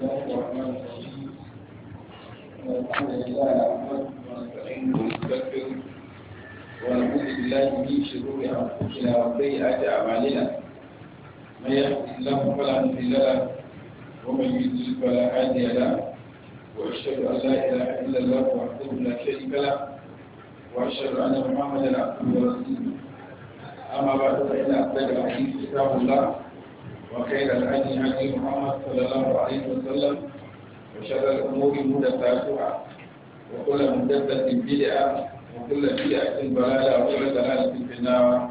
الله الرحمن الرحيم الحمد لله نحمده ونستعينه ونستغفره ونعوذ بالله من شرور انفسنا وسيئات اعمالنا من يهد الله فلا مضل له ومن يضلل فلا هادي له واشهد ان لا اله الا الله وحده لا شريك له واشهد ان محمدا عبده ورسوله اما بعد فان الحديث كتاب الله وخير الهدي هدي محمد صلى الله عليه وسلم وشر الامور مدثاتها وكل في البدعة وكل بدعه في ضلاله وكل ضلاله في النار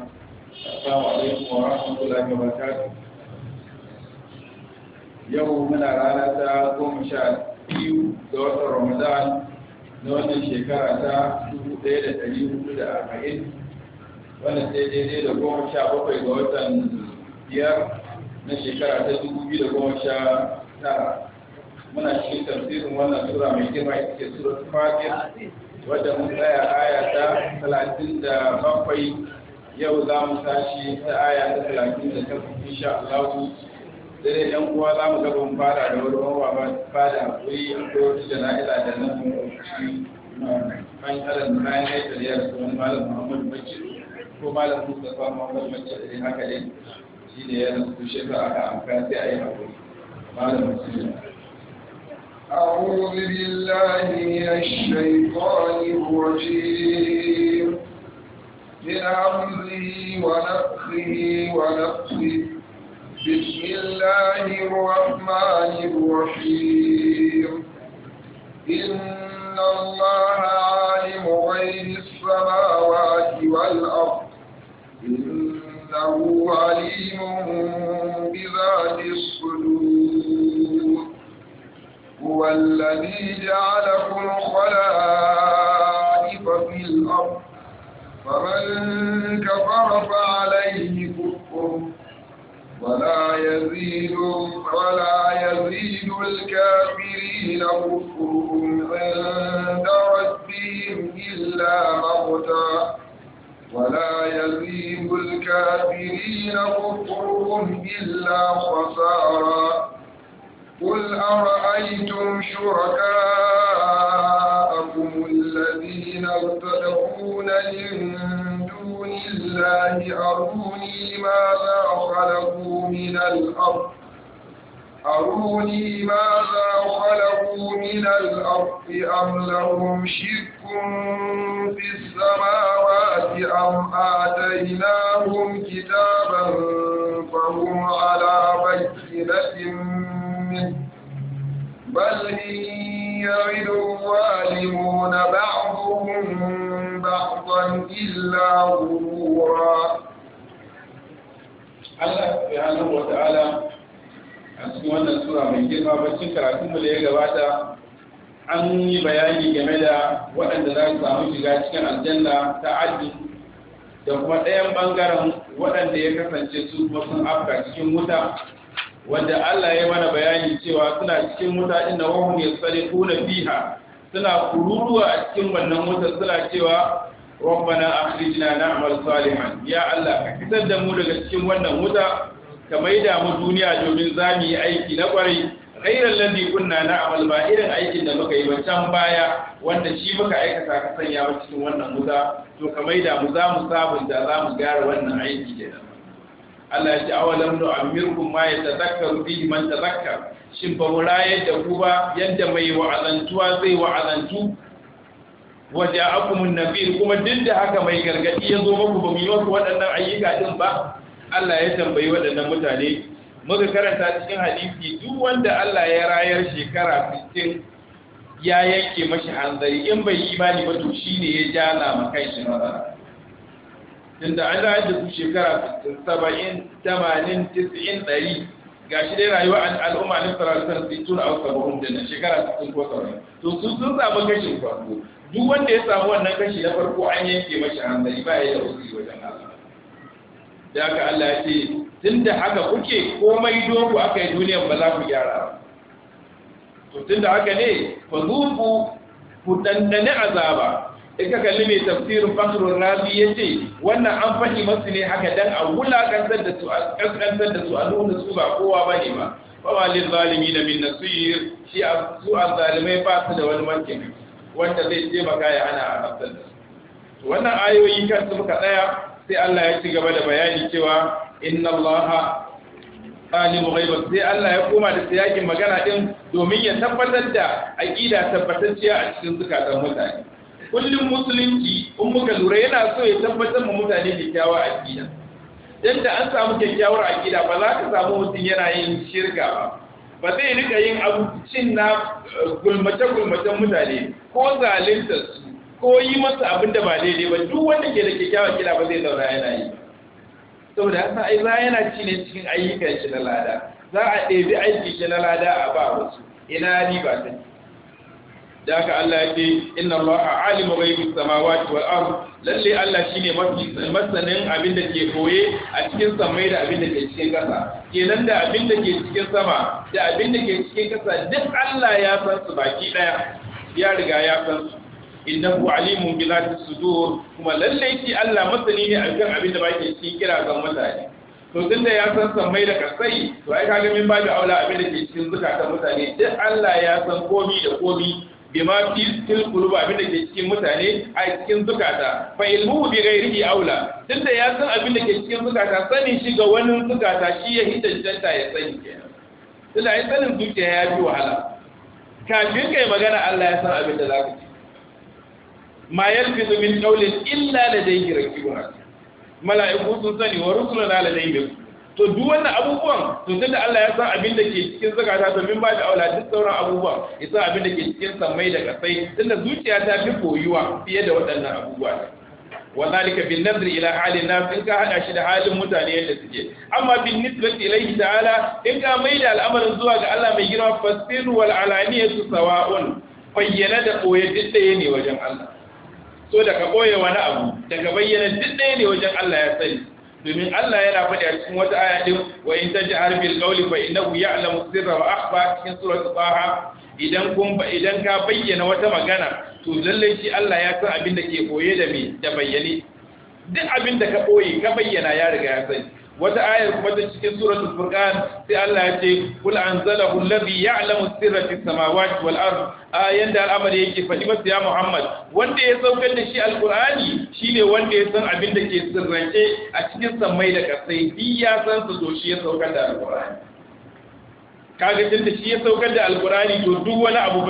السلام عليكم ورحمه الله وبركاته يوم من الرانتا قوم شاد بيو دوت رمضان نوان الشيكارة تا شو ديلة تليو تدعى حين وانا سيدي ديلة قوم شاد بطي دوتا بيار na shekara ta dubu biyu da goma sha tara muna cikin tafsirin wannan sura mai girma ita ke sura fatir wadda mun tsaya aya ta talatin da bakwai yau za mu tashi ta aya ta talatin da takwas insha Allah dare yan uwa za mu mu fara da wani wawa ba fada hakuri akwai wata jana'iza da nan mun ɗauki an kalan kayan haifar yara wani malam Muhammadu Bacci ko malam Mustapha Muhammadu Bacci da haka dai shi ne yana su shekara da amfani sai a yi haƙuri malam musulmi أعوذ بالله من الشيطان الرجيم من عمره ونفخه ونفخه بسم الله الرحمن الرحيم إن الله عالم غيب السماوات والأرض إنه عليم بذات الصدور هو الذي جعلكم خلائف في الأرض فمن كفر فعليه كفره ولا يزيد ولا يزيد الكافرين كفرهم عند ربهم إلا مقتا ولا يزيد الكافرين غفرهم إلا خسارا قل أرأيتم شركاءكم الذين ارتدقون من دون الله أروني ماذا خلقوا من الأرض أروني ماذا خلقوا من الأرض أم لهم شرك في السماوات أم آتيناهم كتابا فهم على بينة منه بل إن يعد الظالمون بعضهم بعضا إلا غرورا الله سبحانه وتعالى a cikin wannan sura mai girma bacci karatun mu da ya gabata an yi bayani game da waɗanda za su samu shiga cikin aljanna ta aji da kuma ɗayan ɓangaren waɗanda ya kasance su kuma sun afka cikin wuta wanda Allah ya mana bayani cewa suna cikin wuta inda wahum kuna fiha suna kururuwa a cikin wannan wuta suna cewa rabbana akhrijna na'mal salihan ya Allah ka fitar da mu daga cikin wannan wuta ka da mu duniya domin za mu yi aiki na kwarai ƙairar lalle kunna na ba irin aikin da muka yi ba can baya wanda shi muka aikata ka sanya wa cikin wannan guda to ka da mu za mu sabunta za mu gyara wannan aiki nan Allah ya ce awalam nu amirkum ma yatazakkaru bihi man tazakkar shin ba mu rayar da ku ba yadda mai wa'azantuwa zai wa'azantu waje akumun kuma duk da haka mai gargadi ya zo muku ba mu yi wasu waɗannan ayyuka din ba Allah ya tambayi waɗannan mutane muka karanta cikin hadisi duk wanda Allah ya rayar shekara 60 ya yanke mashi hanzari in bai imani ba to shine ya ja na kai shi zara. tunda an rayar da su shekara 70 80 90 100 gashi dai rayuwa al'umma ne sarautar sittun a sabuhun da na shekara sittin ko sauran to sun sun samu kashin farko duk wanda ya samu wannan kashi na farko an yanke mashi hanzari ba ya yi da wajen Allah da aka Allah ya ce tun da haka kuke komai doku aka yi duniyar ba za ku gyara to tun da haka ne fa zuku ku dandane azaba in ka kalli mai tafsirin fakrun razi ya ce wannan an fahi masu ne haka dan a wulakantar da su a kaskantar da su a nuna su ba kowa ba ne ba fa ma zalimin min nasir shi a su zalimai ba su da wani mankin wanda zai taimaka ya ana a kasar da su wannan ayoyi kan su muka tsaya sai Allah ya ci gaba da bayani cewa inna allaha alimu ghaiba sai Allah ya koma da siyakin magana din domin ya tabbatar da aqida tabbatacciya a cikin zukatan mutane kullum musulunci in muka lura yana so ya tabbatar ma mutane a aqida dan da an samu kyakkyawar aqida ba za ka samu mutum yana yin shirka ba ba zai rika yin abincin na eh, gulmace-gulmacen mutane ko zalunta su ko yi masa abin da ba daidai ba duk wanda ke da kyakkyawan kira ba zai zauna yana yi saboda haka ai za yana ci ne cikin ayyukan shi na lada za a ɗebi aiki shi na lada a ba wasu ina ni ba ta da haka Allah ya ce inna Allah alimu ghaibi samawati wal ard lalle Allah shine mafi masanin abin da ke koye a cikin samai da abin da ke cikin ƙasa kenan da abin da ke cikin sama da abin da ke cikin ƙasa duk Allah ya san su baki daya ya riga ya san su innahu alimun bi zati sudur kuma lallai shi Allah masani ne a kan abin da ke cikin kira ga mutane to tunda ya san san mai da kasai to ai kaga min babu aula abin da ke cikin zukatan mutane duk Allah ya san komi da komi bima fi til qulub abin da ke cikin mutane a cikin zukata fa ilmuhu bi ghairihi aula tunda ya san abin da ke cikin zukata sani shi ga wani zukata shi ya hiddanta ya sani kenan tunda ai sanin zuciya ya fi wahala kafin kai magana Allah ya san abin da zaka ci ma yalfizu min qawlin illa ladayhi raqibun mala'iku sun sani wa rusuluna ladayhi to duk wannan abubuwan to da Allah ya san abin da ke cikin zakata to min ba da aula sauran abubuwan ya san abin da ke cikin samai da kasai tunda zuciya ta fi koyuwa fiye da waɗannan abubuwa وذلك ila halin حال in ka hada shi da halin mutane yadda suke amma bin nisbati ilayhi ta'ala in ka maida al'amarin zuwa ga Allah mai girma fasiru wal alaniyatu sawa'un fayyana da koyi duk ne wajen Allah so da ka ɓoye wani abu daga bayyana duk ɗaya ne wajen Allah ya sani domin Allah yana faɗi a cikin wata aya din wa in tajhar bil qawli fa innahu ya'lamu sirra wa akhfa cikin surat Taha idan kun idan ka bayyana wata magana to lallai shi Allah ya san abin da ke koye da me da bayyane duk abin da ka ɓoye ka bayyana ya riga ya sani wata ayar kuma ta cikin suratul furqan sai Allah ya ce kul anzalahu alladhi ya'lamu sirra fis samawati wal ard ayan da al'amari yake faɗi masa ya Muhammad wanda ya saukar da shi alqur'ani shine wanda ya san abin da ke sirrance a cikin samai da kasai bi ya san su to shi ya saukar da alqur'ani kaga tunda shi ya saukar da alqur'ani to duk wani abu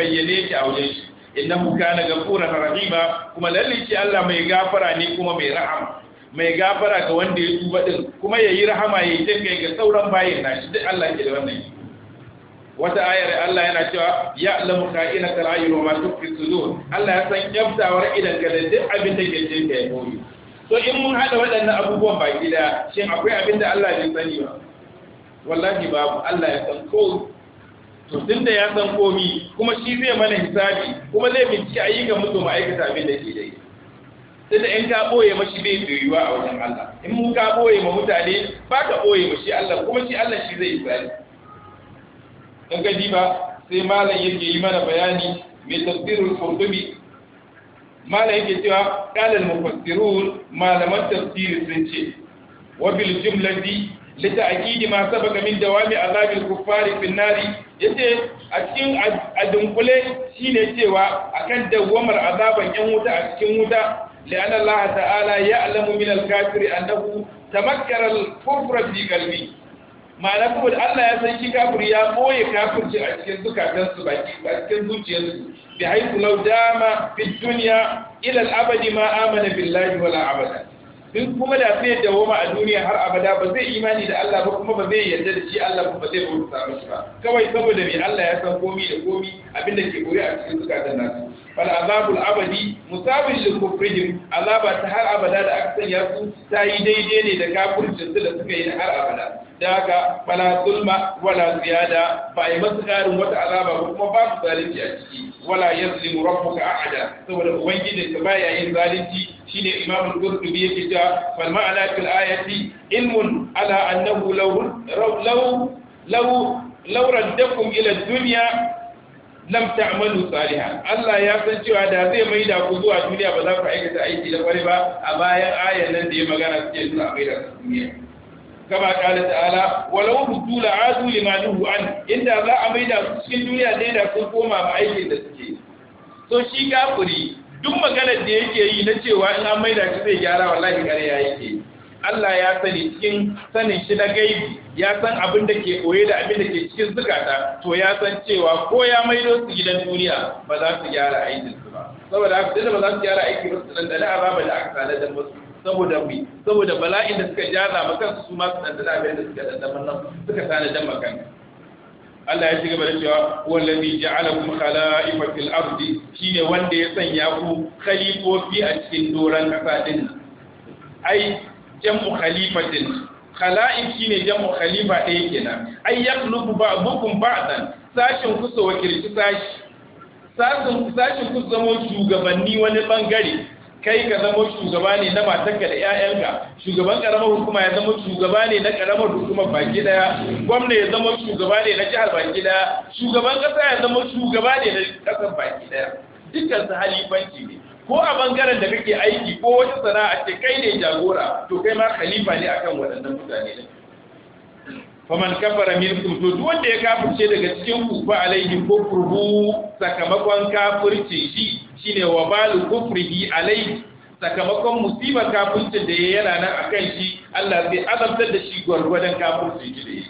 bayyane shi a wajen shi innahu kana ghafuran rahima kuma lalle shi Allah mai gafara ne kuma mai rahama mai gafara ga wanda ya tuba din kuma yayi rahama yayi jinkai ga sauran bayin shi duk Allah ke da wannan wata ayar Allah yana cewa ya lamu ka'ina kal ayyun ma tukfi sudur Allah ya san kyaftawar idan ga duk abin da ke cikin ya koyi so in mun hada waɗannan abubuwan baki da shin akwai abin da Allah bai sani ba wallahi babu Allah ya san ko to da ya san komi kuma shi zai mana hisabi kuma zai bincike ayyukan mutum ma'aikata abin da ke dai. sai da in ka boye mashi bai tsiriwa a wajen Allah in mun ka boye ma mutane ba ka boye shi Allah kuma shi Allah shi zai tsari Don ka ba sai malam yake yi mana bayani mai tafsirul qurtubi malam yake cewa qala mufassirun malaman tafsiri sun ce wa bil jumlati li ta'kidi ma sabaka min dawami azabil kuffari fi nari yace a cikin adunkule shine cewa akan dawamar azaban yan wuta a cikin wuta لأن الله تعالى يعلم من الكافر أنه تمكر الكفر في قلبه ma'ana kuma da Allah ya san shi kafir ya boye kafirci a cikin zukatansu baki a cikin zuciyarsu bi lau dama fi duniya ila al'abadi ma billahi wala abada kuma da zai dawoma a duniya har abada ba zai imani da Allah ba kuma ba zai yarda da shi Allah ba zai bauta mishi ba kawai saboda me Allah ya san komi da komi abinda ke goye a cikin zukatan nasu fal azabul abadi musabin lil kufrihim azaba ta har abada da aka sanya su ta yi daidai ne da kafircin su da suka yi har abada da haka fala zulma wala ziyada ba yi masu ƙarin wata azaba ko kuma ba su zalunci a ciki wala yazlimu rabbuka ahada saboda ubangiji ka baya yin zalunci shine imamul qurtubi yake cewa fal ma'ana fil ayati ilmun ala annahu law law law law raddakum ila lam ta'malu salihan Allah ya san cewa da zai mai da ku zuwa duniya ba za ku aikata aiki da kwari ba a bayan ayan nan da ya magana suke a maida da duniya kama kala ta'ala walau rudu adu lima an inda za a mai da su cikin duniya dai da sun koma ba aikin da suke so shi kafiri duk maganar da yake yi na cewa in an mai da shi zai gyara wallahi kare ya yake Allah ya sani cikin sanin shi na gaibi ya san abin da ke koye da abin da ke cikin zukata to ya san cewa ko ya maido su gidan duniya ba za su gyara aikin su ba saboda haka da ba za su gyara su ba da dandana ba da aka tsala da musu saboda mu saboda bala'in da suka jaza ma kansu su ma su da abin da suka dandana nan suka tsala da makan Allah ya ci gaba da cewa wallazi ja'alakum khala'ifa fil ardi shine wanda ya sanya ku khalifofi a cikin doran kasa din ai jam'u khalifatin khala'ik shine jam'u khalifa ɗaya kenan ay yaqlubu ba'dukum ba'dan sashin ku so wakilci sashi sashin sashin ku zama shugabanni wani bangare kai ka zama shugaba ne na matarka da 'ya'yanka shugaban karamar hukuma ya zama shugaba ne na karamar hukumar baki daya gwamna ya zama shugaba ne na jihar baki daya shugaban kasa ya zama shugaba ne na kasar baki daya dukkan su halifanci ne ko a bangaren da kake aiki ko wata sana'a ce kai ne jagora to kai ma khalifa ne akan waɗannan mutane ne faman kafara minkum to duk wanda ya kafirce daga cikin ku fa alaihi kufruhu sakamakon kafirce shi shine wa balu kufrihi alaihi sakamakon musibar kafircin da ya yana nan akan shi Allah zai azabtar da shi gwargwadon kafircin shi da yi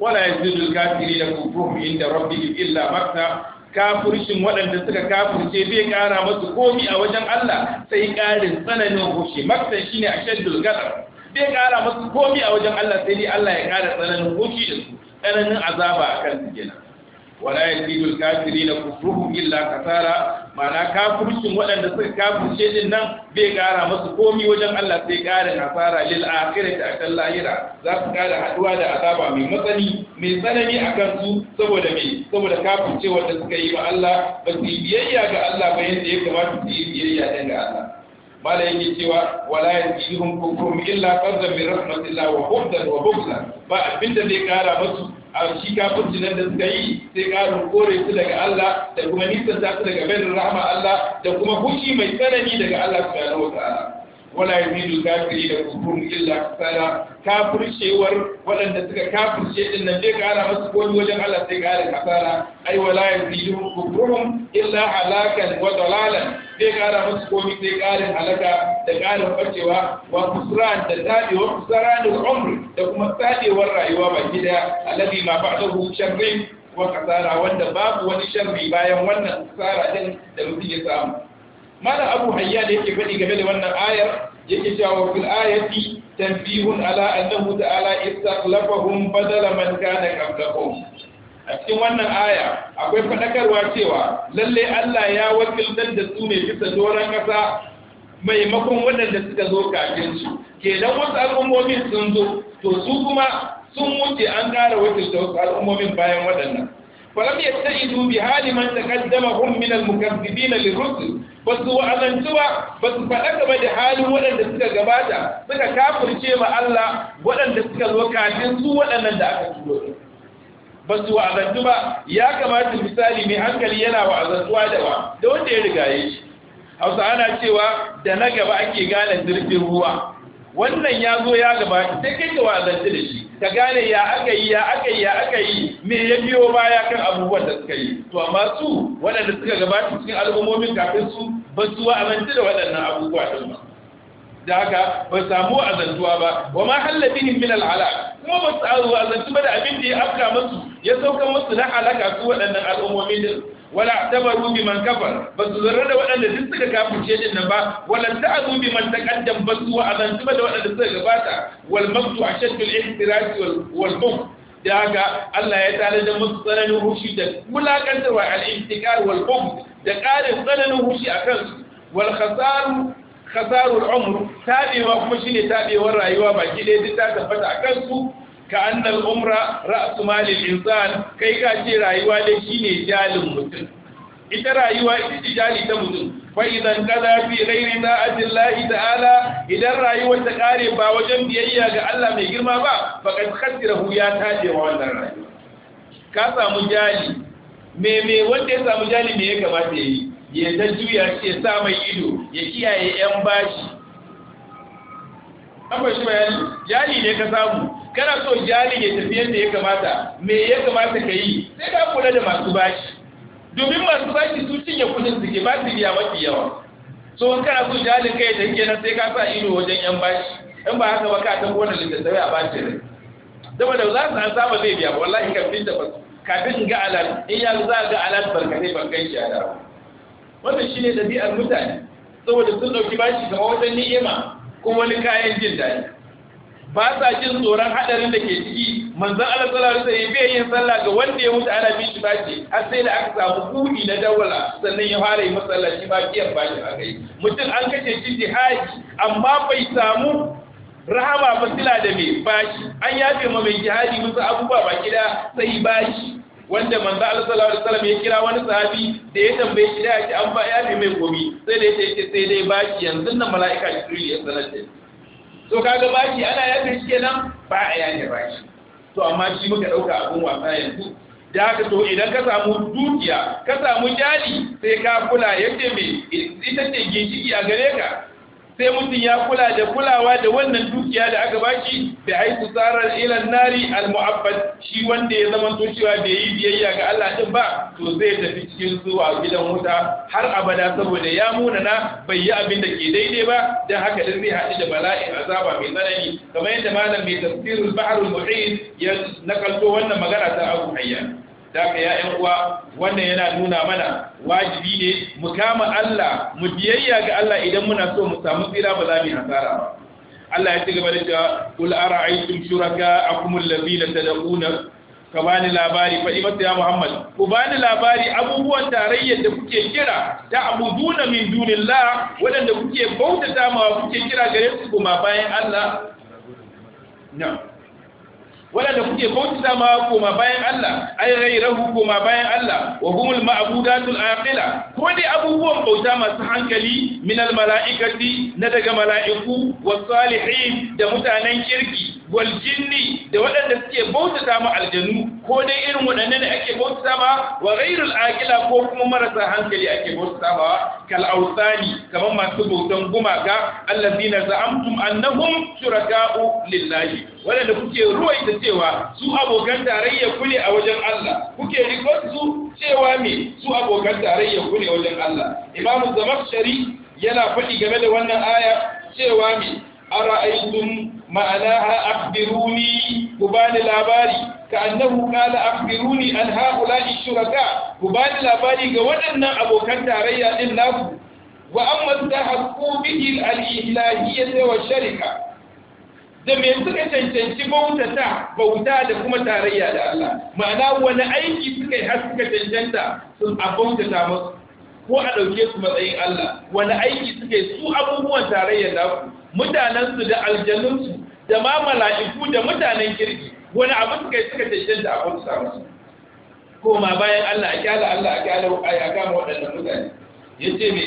wala yazidul kafirin inda rabbihim illa makta kafircin waɗanda suka kafirce bai ƙara masu komi a wajen Allah sai ƙarin tsananin hushi maktan ne a shaddul gadar bai ƙara masu komi a wajen Allah sai dai Allah ya ƙara tsananin hushe da su tsananin azaba a kan su kenan wala yazidu al-kafirina kufruhum illa kasara ma'ana kafircin waɗanda suka kafirce din nan bai ƙara musu komi wajen Allah sai ƙarin nasara lil akhirati kan lahira za su ƙara haduwa da azaba mai matsani mai tsanani akan su saboda me saboda kafirce wanda suka yi wa Allah ba su yi biyayya ga Allah ba yadda ya kamata su yi biyayya din ga Allah mala yake cewa wala yazidhum kufrum illa fadlan min rahmatillah wa hubdan wa bughdan ba abinda zai ƙara musu a shi kafirci nan da suka yi sai ƙarin kore su daga Allah da kuma nisan ta su daga bayan rahama Allah da kuma fushi mai tsanani daga Allah su subhanahu wa ala. wala yazidu kafiri da kufurun illa kasala kafircewar waɗanda suka kafirce din nan zai ƙara masu komi wajen Allah sai ƙara kasala ai wala yazidu kufurun illa halakan wa dalalan zai kara masu komi sai karin halaka da karin bacewa wa da tadewar umri da kuma tsadewar rayuwa ba gida alabi ma ba'dahu sharrin wa kasara wanda babu wani sharri bayan wannan kasara din da mutum ya samu mana abu hayya da yake faɗi game da wannan ayar yake cewa fil ayati tanbihun ala annahu ta'ala istaqlafahum badala man kana qablahum a cikin wannan aya akwai faɗakarwa cewa lalle Allah ya wakiltar da su ne bisa doron ƙasa maimakon waɗanda suka zo kafin su kenan wasu al'ummomin sun zo to su kuma sun wuce an ƙara wakilta wasu al'ummomin bayan waɗannan falam yatta'idu bi hali man taqaddamahum min al-mukaththibina lir-rusul basu wa'azantu ba basu faɗa game da halin waɗanda suka gabata suka kafirce ma Allah waɗanda suka zo kafin su waɗannan da aka turo ba su wa'azantu ba ya kamata misali mai hankali yana wa'azantuwa da wa da wanda ya ya shi hausa ana cewa da na gaba ake gane zurfin ruwa wannan ya zo ya gaba ta kai ga wa'azantu da shi ka gane ya aka yi ya aka yi ya aka yi me ya biyo baya kan abubuwan da suka yi to amma su waɗanda suka gabata cikin al'ummomin kafin su ba su wa'azantu da waɗannan abubuwa da ba da haka ba samu azantuwa ba wa ma halla min al'ala kuma ba su azantu ba da abin da ya afka musu ya sauka musu na halaka su waɗannan al'ummomi din wala tabaru man kafar ba su zarra da waɗanda duk suka kafirce din nan ba wala ta'azu biman taqaddam ba su azantu ba da waɗanda suka gabata wal a ashaddu al-ihtirasi wal mum da haka Allah ya tare da musu tsananin hushi da wulakantarwa al-ihtikar wal mum da ƙarin tsananin hushi akan su wal khasaru khasarul umr tabewa kuma shine tabewar rayuwa ba ɗaya duk ta tabbata a kansu ka annal umra ra'su malil insan kai ka ce rayuwa dai shine jalin mutum ita rayuwa ita ce jali ta mutum fa idan kada fi ghairi da'atin lahi ta'ala idan rayuwar ta kare ba wajen biyayya ga Allah mai girma ba kad khasirahu ya tabewa wannan rayuwa ka samu jali me me wanda ya samu jali me ya kamata yayi ya ta juya shi ya sa mai ido ya kiyaye yan bashi amma shi bayani jali ne ka samu kana so jali ya tafi yadda ya kamata me ya kamata ka yi sai ka kula da masu bashi domin masu bashi su cinye kudin suke ba su biya mafi yawa so in kana so ka yi da na sai ka sa ido wajen yan bashi in ba haka ba ka ta gona littattafai a bashi ne da za su an saba zai biya ba, wallahi kafin da kafin ga alal in ya za ga alal barkatai ban gan shi a da wannan ne ɗabi'ar mutane saboda sun dauki bashi kamar wajen ni'ima ko wani kayan jin daɗi ba sa jin tsoron hadarin da ke ciki manzon Allah sallallahu alaihi wasallam bai yin sallah ga wanda ya mutu ana bin shi bashi har sai da aka samu kudi na dawala sannan ya fara yi masallaci ba biyan bashi ba. kai mutum an kace shi jihadi amma bai samu rahama ba sila da mai bashi an yafe ma mai jihadi musu abubuwa ba gida sai bashi wanda manzo Allah sallallahu alaihi wasallam ya kira wani sahabi da ya tambaye shi da ya an ba ya fi mai gobi sai da yake ce sai dai baki yanzu nan mala'ika Jibril ya sanar da to kaga baki ana yafe shi kenan ba a yafe baki to amma shi muka dauka abun wasa yanzu da haka to idan ka samu dukiya ka samu jali sai ka kula yadda mai ita ce ginshiki a gare ka sai mutum ya kula da kulawa da wannan dukiya da aka baki da haiku tsarar ilan nari al-mu'abbad shi wanda ya zama to cewa bai yi biyayya ga Allah din ba to zai tafi cikin zuwa gidan wuta har abada saboda ya munana bai yi abin da ke daidai ba dan haka din zai haɗu da bala'i azaba mai tsanani kamar yadda malam mai tafsirul bahrul muhit ya nakalto wannan magana ta Abu Hayyan da ka ya uwa wannan yana nuna mana wajibi ne mu kama Allah mu biyayya ga Allah idan muna so mu samu tsira ba za mu yi hasara Allah ya ci gaba da cewa kul ara'aytum shuraka'akum allazina tad'una ka bani labari faɗi masa ya Muhammad ku bani labari abubuwan tarayyar da kuke kira ta abuduna min dunillah waɗanda kuke bautata ma kuke kira gare su kuma bayan Allah na'am waɗanda kuke bauta ma ma bayan Allah ai ko ma bayan Allah wa humul ma'budatul aqila ko dai abubuwan bauta masu hankali min al mala'ikati na daga mala'iku wa salihin da mutanen kirki wal da waɗanda suke bautata ma aljanu ko dai irin waɗanne ne ake bautata ma wa ghairul aqila ko kuma marasa hankali ake bautata ma kal awsani kamar masu bautan gumaka allazina za'amtum annahum shuraka'u lillahi waɗanda kuke ruwaita cewa su abokan tarayya ku ne a wajen Allah kuke riko su cewa me su abokan tarayya ku ne wajen Allah imamu zamakshari yana faɗi game da wannan aya cewa me ara'aytum Ma'ana akhbiruni ku bani labari ka annahu qala akhbiruni an haula'i shuraka ku bani labari ga waɗannan abokan tarayya din naku wa amma tahaqqu bihi al-ilahiyyah wa da me suka cancanci bautata bauta da kuma tarayya da Allah ma'ana wani aiki suka yi har suka cancanta a bautata musu ko a ɗauke su matsayin Allah wani aiki suka yi su abubuwan tarayya da mutanensu da aljanunsu da ma mala'iku da mutanen kirki wani abu suka yi suka tashi da musu? samu koma bayan Allah a kyala Allah a kyala a kama waɗannan mutane ya ce me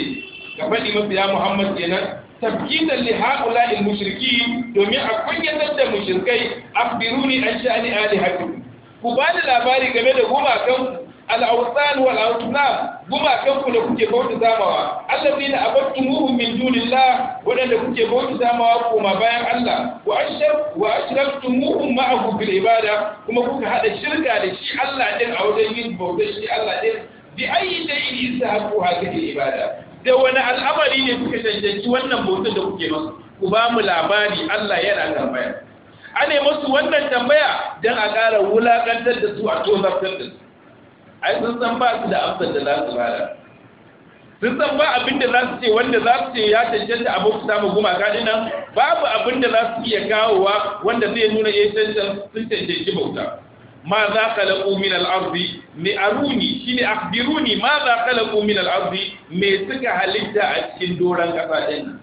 ka faɗi mafiya Muhammad kenan tabkinan li al mushriki domin a kunyatar da mushrikai akhbiruni an sha'ani alihatikum ku ba da labari game da gumakan al'autan wal Guma gumakan ku da kuke bauta zamawa allazina abattumuhum min dunillah waɗanda kuke bauta zamawa koma bayan Allah wa ashraf wa ashraftum ma'ahu bil ibada kuma kuka haɗa shirka da shi Allah ɗin a wajen yin bautar shi Allah din bi ayi da'in isahabu hadhihi ibada da wani al'amari ne kuka cancanci wannan bautar da kuke masu? ku ba mu labari Allah yana tambaya ane musu wannan tambaya don a ƙara wulakantar da su a tozartar da su ai sun san ba su da amsar da za su bada sun san ba abin da za su ce wanda za su ce ya cancanta abin su samu gumaka ɗin babu abin da za su iya kawowa wanda zai nuna ya cancan sun cancanci bauta ma za ka laƙo min al'arzi mai aruni shi ne akbiruni ma za ka laƙo min al'arzi mai suka halitta a cikin doron ƙasa ɗin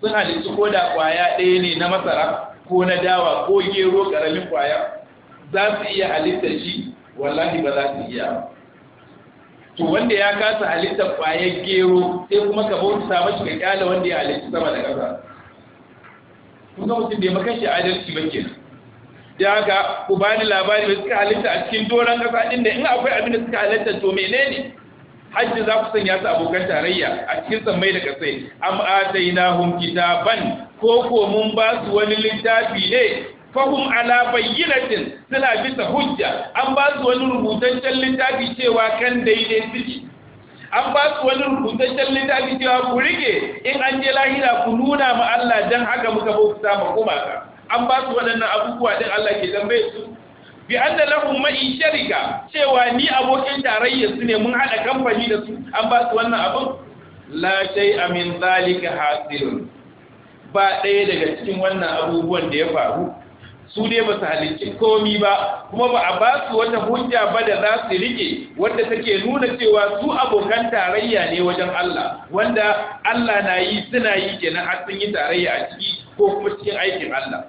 sun halittu ko da ƙwaya ɗaya ne na masara ko na dawa ko gero ƙaramin ƙwaya za su iya halitta shi wallahi ba za su iya to wanda ya kasa halittar kwayar gero sai kuma ka bauta mashi ka kyala wanda ya halitta sama da ƙasa kun ga mutum bai maka shi adalci ba kenan da haka ku bani labari da suka halitta a cikin doron ƙasa ɗin da in akwai abin da suka halitta to menene hajji za ku sanya su abokan tarayya a cikin tsammai da kasai am hunkita ban ko ko mun ba su wani littafi ne fahum ala bayyinatin suna bisa hujja an ba su wani rubutaccen littafi cewa kan daidai suke an ba su wani rubutaccen littafi cewa ku rike in an je lahira ku nuna ma Allah dan haka muka bauta ma ka an ba su waɗannan abubuwa din Allah ke dambe su bi anna lahum ma isharika cewa ni abokin tarayya su ne mun hada kamfani da su an ba su wannan abin la shay min zalika hasil ba ɗaya daga cikin wannan abubuwan da ya faru su ne ba su halicci komi ba kuma ba a ba su wata hujja ba da za su rike wanda take nuna cewa su abokan tarayya ne wajen Allah wanda Allah na yi suna yi kenan har sun yi tarayya a ciki ko kuma cikin aikin Allah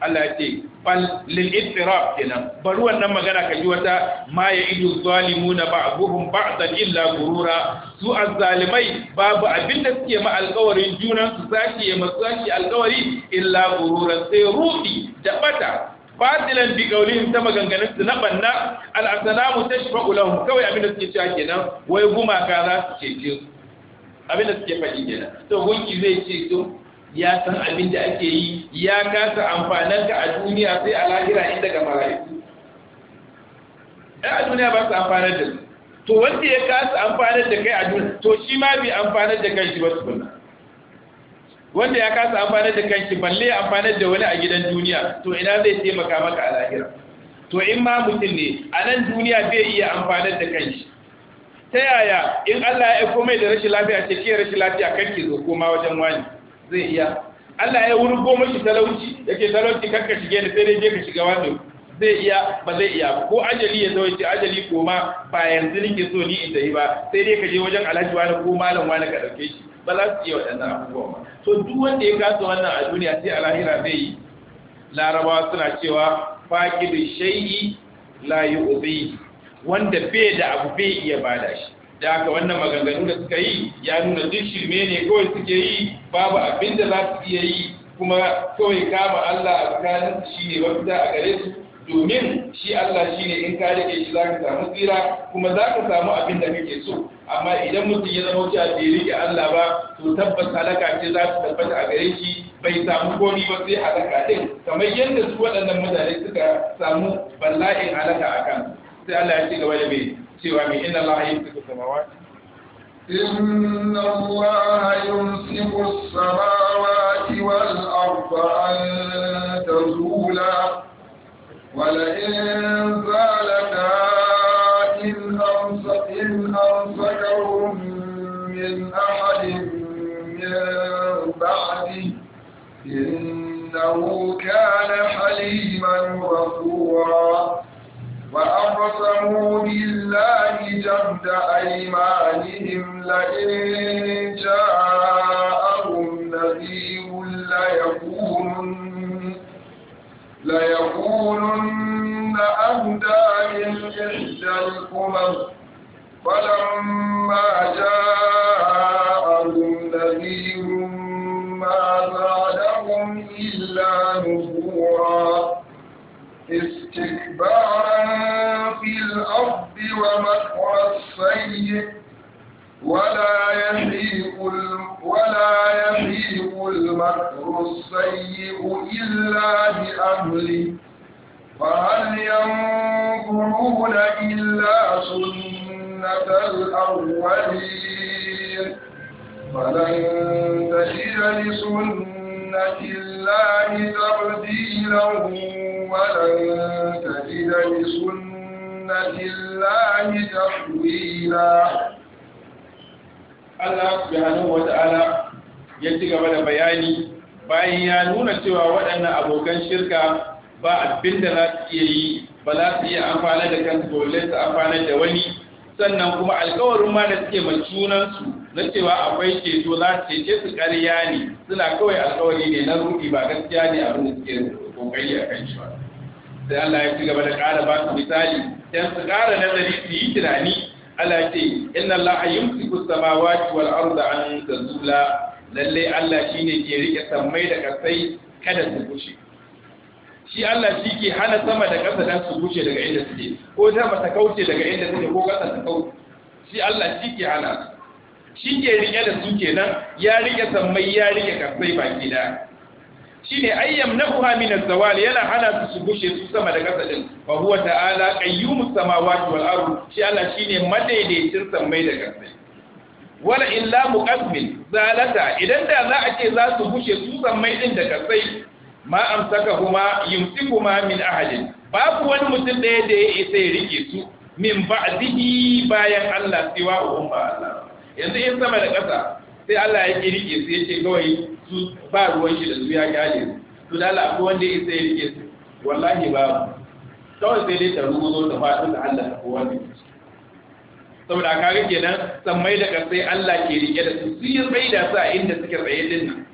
Allah ya ce fal lil ittirab kenan bari wannan magana ka ji wata ma ya idu zalimuna ba'dhum ba'dan illa gurura su azzalimai babu abin da suke ma alƙawarin junan su zaki ya masaki alƙawari illa gurura sai rufi da bata fadilan bi ta maganganun su na banna al'asalamu tashfa'u lahum kawai abin da suke cewa kenan wai gumaka za su ce su abin da suke faɗi kenan to gunki zai ce to ya san abin da ake yi ya kasa amfananka a duniya sai a lahira inda ga mala'iku ɗan a duniya ba su amfanar da su to wanda ya kasa amfanar da kai a duniya to shi ma bai amfanar da kanshi ba tukunna wanda ya kasa amfanar da kanshi balle ya amfanar da wani a gidan duniya to ina zai taimaka maka a lahira to in ma mutum ne a nan duniya bai iya amfanar da kanshi ta yaya in Allah ya aiko mai da rashin lafiya ce ke rashin lafiya kan zo koma wajen wani zai iya Allah ya wurgo mashi talauci yake talauci kanka shige ni sai dai je ka shiga wani zai iya ba zai iya ko ajali ya zo ce ajali koma ba yanzu nake so ni in tafi ba sai dai ka je wajen alhaji wani ko malam wani ka dauke shi ba za su iya waɗannan abubuwa ba to duk wanda ya kasa wannan a duniya sai a lahira zai yi larabawa suna cewa faqidu shay'i la yi wanda bai da abu bai iya bada shi da aka wannan maganganu da suka yi ya nuna duk shirme ne kawai suke yi babu abin da za su iya yi kuma kawai kama Allah a tsakanin shi ne mafita a gare su domin shi Allah shi ne in kare ke shi za ka samu tsira kuma za ka samu abin da kake so amma idan mutum ya zama wuce a tsere ke Allah ba to tabbas halaka ce za su tabbata a gare shi bai samu komi ba sai halaka din kamar yadda su waɗannan mutane suka samu bala'in halaka a kan sai Allah ya ci gaba da bai cewa mai inna Allah ya إن الله يمسك السماوات والأرض أن تزولا ولئن زالتا إن أمسكهم من أحد من بعده إنه كان حليما غفورا وأقسموا بالله جهد أيمانهم لئن جاءهم نذير ليكونن ليكونن أهدى من إحدى الأمم فلما جاءهم نذير ما زادهم إلا نفورا استكبارا في الأرض ومكر السيء ولا يحيق ولا يحيق المكر السيء إلا بأهله فهل ينظرون إلا سنة الأولين فلن تجد لسنة الله تبديله ولن تجد لسنة الله تحويلا Allah subhanahu wa ta'ala ya ci gaba da bayani bayan ya nuna cewa waɗannan abokan shirka ba abin da za su iya yi ba za su iya amfana da kansu dole su amfana da wani sannan kuma alkawarin ma da suke mai junansu na cewa akwai ceto za su cece su ƙarya ne suna kawai alkawari ne na ruɗi ba gaskiya ne abin da suke kokari a kan shi ba sai Allah ya ci gaba da ƙara ba su misali dan su ƙara nazari su yi tunani Allah ce inna Allah yumsiku samawati wal arda an tazula lalle Allah shine ke rike sammai da kasai kada su bushe shi Allah shi ke hana sama da ƙasa dan su wuce daga inda suke ko sama ta kauce daga inda suke ko ƙasa ta kauce shi Allah shi ke hana shi ke rike da su nan ya rike sammai ya rike kasai gida. da ne ayyam na min zawal yana hana su su bushe su sama da ƙasa din fa huwa ta'ala qayyumus samawati wal ardh shi Allah shi ne madaidaicin sammai da kasai wala illa muqasmin, zalata idan da za a ce za su bushe su sammai din da kasai ma amsakahuma yumsikuma min ahadin babu wani mutum ɗaya da ya isa ya rike su min ba'dihi bayan Allah siwa umma Allah yanzu in sama da ƙasa sai Allah ya ki rike su yace kawai su ba ruwan shi da su ya gale su to da Allah akwai wanda ya isa ya rike su wallahi babu kawai sai dai ta rugo da faɗi da Allah ta kowa ne saboda kaga kenan sammai da sai Allah ke rike da su su yi tsaida su a inda suke tsaye din nan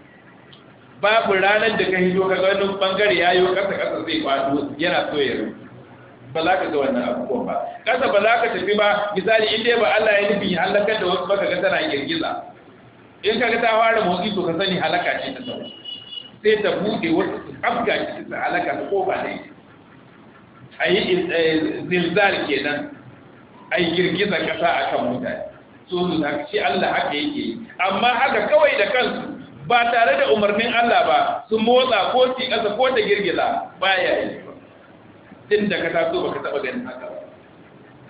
babu ranar da ka hito ka ga wani bangare ya yi kasa kasa zai kwado yana so ya rubu ba za ka ga wannan abubuwan ba kasa ba za ka tafi ba misali in dai ba Allah ya nufi halakar da wasu baka ga tana girgiza in ka ga ta fara motsi to ka sani halaka ce ta sauki sai ta buɗe wasu su afga ce ta halaka ta ko ba dai a yi eh, zilzal kenan a yi girgiza kasa akan mutane so su za ce Allah haka yake yi amma haka kawai da kansu ba tare da umarnin Allah ba su motsa ko ci ƙasa ko girgila girgiza baya yi din da ka taso ka taba ganin haka ba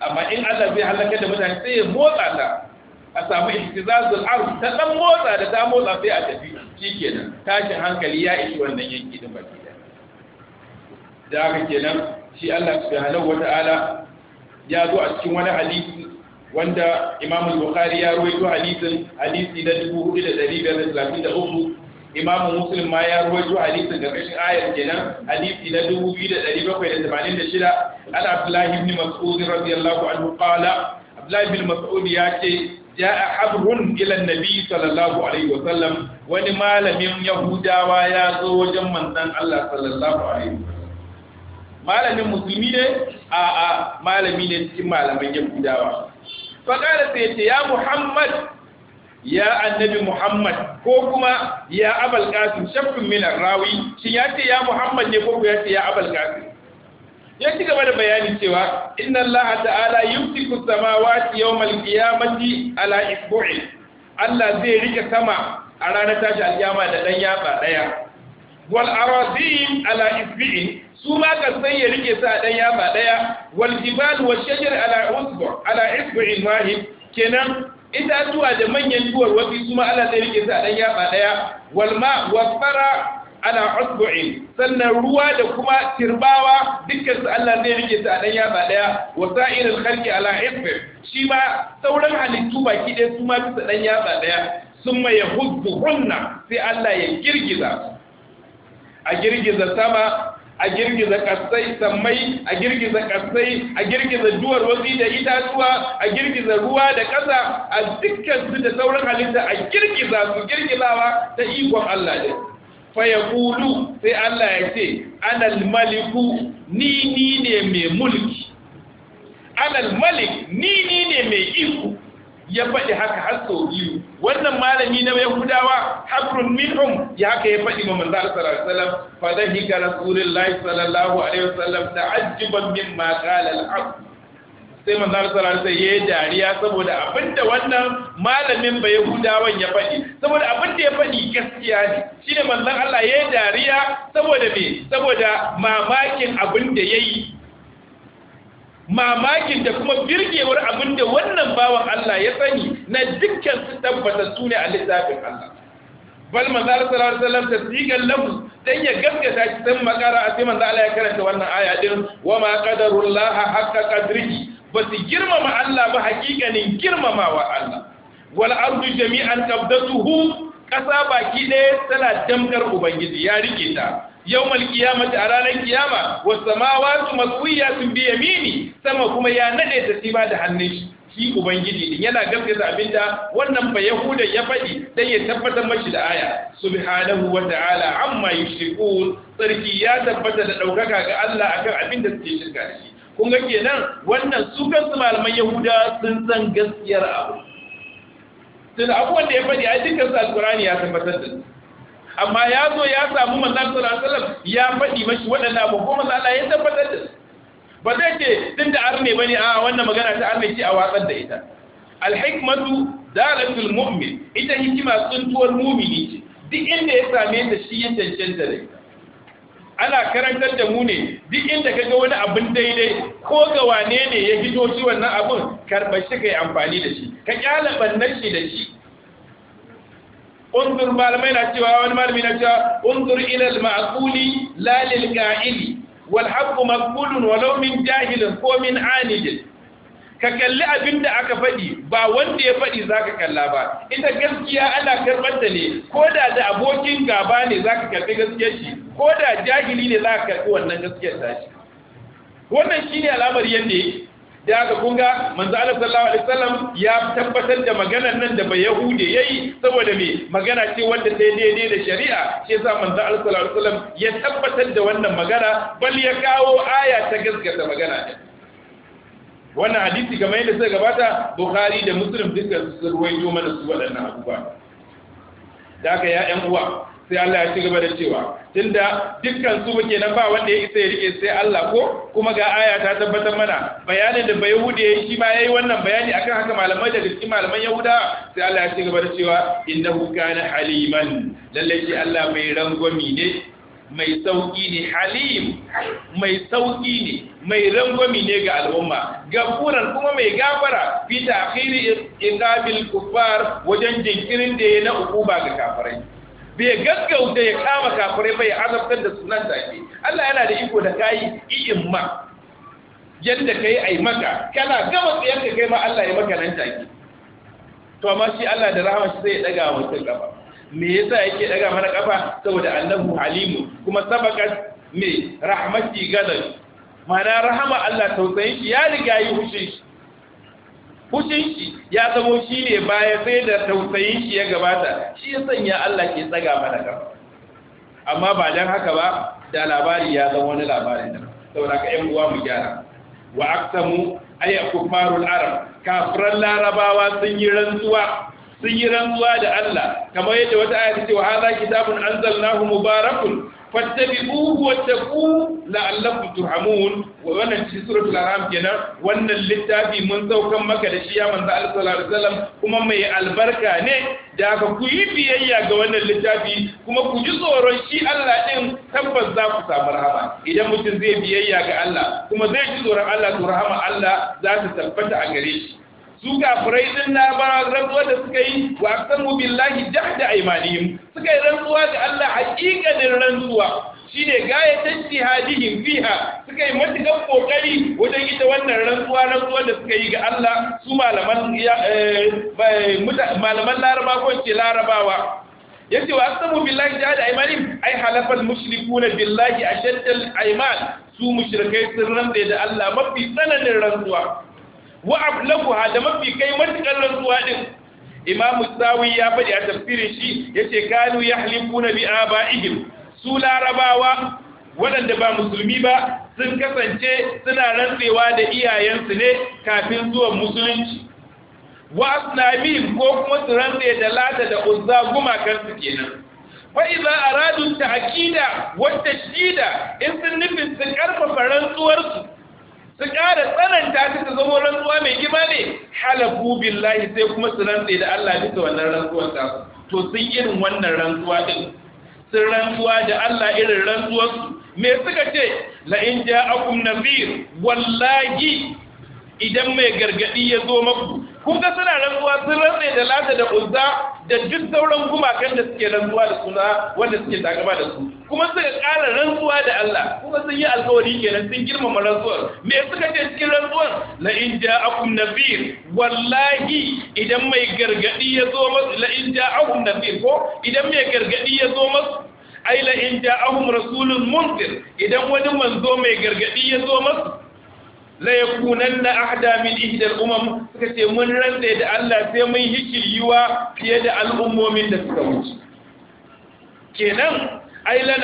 amma in Allah zai halaka da mutane sai ya motsa ta a samu ihtizazul ard ta dan motsa da ta motsa sai a tafi shikenan tashin hankali ya ishi wannan yanki din baki da haka kenan shi Allah subhanahu wata'ala ya zo a cikin wani hadisi wanda Imam al-Bukhari ya rawaito hadisin hadisi na uku, Imam Muslim ma ya rawaito hadisin da kashin ayar kenan hadisi na 2786 Al Abdullah ibn Mas'ud radiyallahu anhu qala Abdullah ibn Mas'ud ya ce a حبر إلى النبي Sallallahu Alaihi wa Sallam. Wani malamin يهودا ويا زوجا من دان الله Sallallahu Alaihi wa Sallam. malamin musulmi ne a a malami ne cikin malaman yahudawa faƙara sai ce ya muhammad ya annabi muhammad ko kuma ya abal qasim shakkun min rawi shin ya ce ya muhammad ne ko ya ce ya abal qasim ya ci gaba da bayani cewa inna allah ta'ala yumsiku samawati yawmal qiyamati ala isbu'i allah zai rike sama a ranar tashi alkiyama da dan yatsa ɗaya. wal arazim ala isbi'in su ma san ya rike sa dan yaba daya wal jibal wa shajar ala usbu ala isbu'in wahid kenan itatuwa da manyan duwar wasu su ma Allah zai rike sa dan yaba daya wal ma wa fara ala usbu'in sannan ruwa da kuma tirbawa dukkan su Allah zai rike su a dan yaba daya wa sa'irul khalqi ala isbu shi ma sauran halittu baki ɗaya su ma bisa dan yaba daya summa yahudduhunna sai Allah ya girgiza a girgiza sama a girgiza kasai sammai a girgiza kasai a girgiza duwar wasu da itatuwa a girgiza ruwa da ƙasa a dukkan su da sauran halitta a girgiza su girgilawa ta ikon Allah ne fa ya kulu sai Allah ya ce anal maliku ni ni ne mai mulki anal malik ni ni ne mai iko ya faɗi haka har sau biyu wannan malami na yahudawa habrun minhum ya haka ya faɗi ma manzo sallallahu alaihi wasallam fa dhahika rasulullahi sallallahu alaihi wasallam ta'ajjuban mimma qala al haku sai manzo sallallahu sai ya yi dariya saboda abinda wannan malamin ba yahudawan ya faɗi saboda abinda ya faɗi gaskiya ne shine manzo Allah ya yi dariya saboda me saboda mamakin abinda yi. mamakin da kuma birgewar abin da wannan bawan Allah ya sani na dukkan su tabbata su ne a littafin Allah bal manzar sallallahu alaihi wasallam tasdiqan lahu dan ya gaskata shi san makara a sai manzo Allah ya karanta wannan aya din wa ma qadarullaha haqqa qadrihi ba su girmama Allah ba hakikanin girmamawa Allah wal ardu jami'an qabdatuhu kasa baki ɗaya tana damkar ubangiji ya rike ta yawmal mace a ranar kiyama su samawati sun biya yamini sama kuma ya nade ta sima da hannun shi shi ubangiji din yana gaskata abinda wannan ba yahuda ya faɗi dan ya tabbatar mashi da aya subhanahu wa ta'ala amma yushrikun sarki ya tabbata da daukaka ga Allah akan abinda suke shirka da shi kun ga kenan wannan su kansu malaman yahuda sun san gaskiyar abu tun abubuwan da ya faɗi a dukkan su alkurani ya tabbatar da amma ya zo ya samu manzon sallallahu ya faɗi mashi waɗannan abu kuma manzon ya tabbatar da ba zai ce tun da arne ne, a wannan magana ta arne ce a watsar da ita alhikmatu dalatul mu'min ita hikima tsuntuwar mu'mini ce duk inda ya same ta shi ya cancanta da ita ana karantar da mu ne duk inda ka ga wani abin daidai ko ga wane ne ya fito shi wannan abin karɓar shi ka yi amfani da shi ka kyala bannan shi da shi unzur malamai na cewa wani malami na cewa unzur ila al lalil la lil qa'ili wal haqqu maqbulun jahilin ko min anijin ka kalli abin da aka faɗi ba wanda ya faɗi za ka kalla ba ita gaskiya ana karɓar ta ne ko da da abokin gaba ne za ka karɓi gaskiyar shi ko da jahili ne za ka karɓi wannan gaskiyar ta shi wannan shi ne al'amari yadda yake da aka kunga manzo Allah sallallahu alaihi wasallam ya tabbatar da maganar nan da yahude yayi saboda me magana ce wanda ta daidai da shari'a shi yasa manzo Allah sallallahu alaihi wasallam ya tabbatar da wannan magana bal ya kawo aya ta gaskata magana wannan hadisi kamar yadda suka gabata Bukhari da Muslim duka su ruwaito mana su waɗannan abubuwa da aka ya ƴan uwa sai Allah ya ci gaba da cewa tunda dukkan su muke nan ba wanda ya isa ya rike sai Allah ko kuma ga aya ta tabbatar mana bayanin da Bayahudi yayi shi ma yayi wannan bayani akan haka malamai da dukkan malaman Yahuda sai Allah ya ci gaba da cewa innahu kana haliman lalle shi Allah mai rangwami ne mai sauki ne halim mai sauki ne mai rangwami ne ga al'umma gafuran kuma mai gafara fi ta'khiri ingabil kuffar wajen jinkirin da ya na ukuba ga kafirai bai gaggauta ya kama kafirai bai azabtar da sunan take Allah yana da iko da kayi iyin ma yadda kai ai maka kana gama tsayar ka kai ma Allah ya maka nan take to amma shi Allah da rahama shi zai daga wa mutum kafa me yasa yake daga mana kafa saboda annahu halimu kuma sabakat me rahmati gadan mana rahama Allah tausayin shi ya riga yi hushin shi fushin shi ya zamo shi ne baya sai da tausayin shi ya gabata shi ya sanya Allah ke tsaga mana gaba amma ba dan haka ba da labari ya zama wani labari da saboda ka yan uwa mu gyara wa aktamu ay kufarul arab kafiran larabawa sun yi rantsuwa sun yi rantsuwa da Allah kamar yadda wata aya ta ce wa hadha kitabun anzalnahu mubarakun fattabi'uhu wattaqu la'allakum turhamun wa wannan cikin suratul an'am wannan littafi mun saukan maka da shi ya manzo kuma mai albarka ne da ka kuyi biyayya ga wannan littafi kuma ku ji tsoron shi Allah ɗin tabbas za ku samu rahama idan mutum zai biyayya ga Allah kuma zai ji tsoron Allah to rahama Allah za ta tabbata a gare shi su kafirai din na bara rantsuwa da suka yi wa aqsamu billahi jahda aymanihim suka yi rantsuwa da Allah haƙiƙanin rantsuwa shine gayatan jihadihim fiha suka yi matukan kokari wajen ita wannan rantsuwa rantsuwa da suka yi ga Allah su malaman eh, eh, malaman laraba ko ce larabawa yace wa aqsamu billahi jahda aymanihim ai halafal mushrikuna billahi ashaddal ayman su mushrikai sun rantsa da Allah mafi tsananin rantsuwa wa ablaguha da mafi kai matukar rantsuwa din imam sawi ya faɗi a tafsirin shi ya yace kanu yahlifuna bi abaihim su larabawa waɗanda ba musulmi ba sun kasance suna rantsewa da iyayensu ne kafin zuwa musulunci wa bi ko kuma su rantse da lata da uzza gumakansu kenan fa iza aradu ta'kida wa tashida in sun nufin su karfafa rantsuwarsu su ƙara tsananta su ta zama rantsuwa mai gima ne halabu billahi sai kuma su rantse da Allah bisa wannan rantsuwar ta to sun irin wannan rantsuwa din sun rantsuwa da Allah irin rantsuwar su me suka ce la in ja'akum nadhir wallahi idan mai gargadi ya zo maku kun ga suna rantsuwa sun rantsa da lada da uzza da duk sauran gumakan da suke rantsuwa da suna wanda suke takama da su kuma suka ƙara rantsuwa da Allah kuma sun yi alkawari kenan sun girmama rantsuwar me suka ce cikin rantsuwar la in ja'akum nabir wallahi idan mai gargadi ya zo masu la in ja'akum nabir ko idan mai gargadi ya zo masu ai la in ja'ahum rasulun munzir idan wani manzo mai gargadi ya zo masu la na ahada min ihda umar suka ce mun rantsa da Allah sai mun yiwa fiye da al'ummomin da suka wuce kenan ai la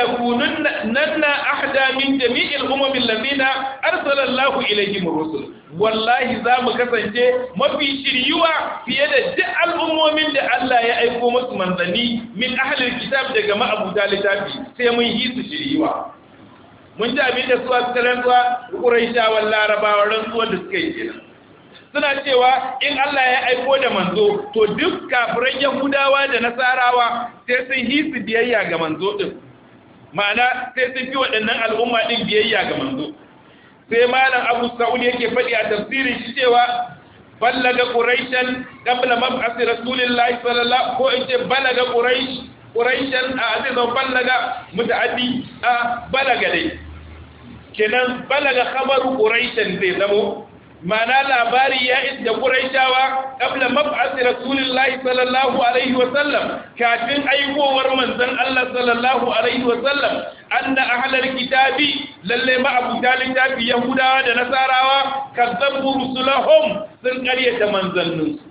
nan na ahda min jami'i al lamina, alladhina arsala Allah mu rusul wallahi za mu kasance mafi shiryuwa fiye da duk al'ummomin da Allah ya aiko masu manzanni min ahlil kitab daga ma'abuta littafi sai mun yi su shiryuwa mun ji abin da suwa suka rantsuwa ƙuraishawan larabawa rantsuwa da suka yi kenan suna cewa in Allah ya aiko da manzo to duk kafiran yahudawa da nasarawa sai sun yi su biyayya ga manzo din ma'ana sai sun fi waɗannan al'umma din biyayya ga manzo sai malam abu sa'ud yake faɗi a tafsirin shi cewa balaga quraishan qabla mab'ath rasulillahi sallallahu ko in ce balaga quraish quraishan abin ah, ballaga mutu'adi a ah, balaga dai kenan balaga khabaru quraishan zai zamo Mana labari ya idda quraishawa qabla mab'ath rasulillahi sallallahu alaihi wa kafin aikowar manzan Allah sallallahu alaihi wa sallam anna ahlal kitabi lalle ma abu dalin tafi yahudawa da nasarawa kazzabu rusulahum sun karyata manzanninsu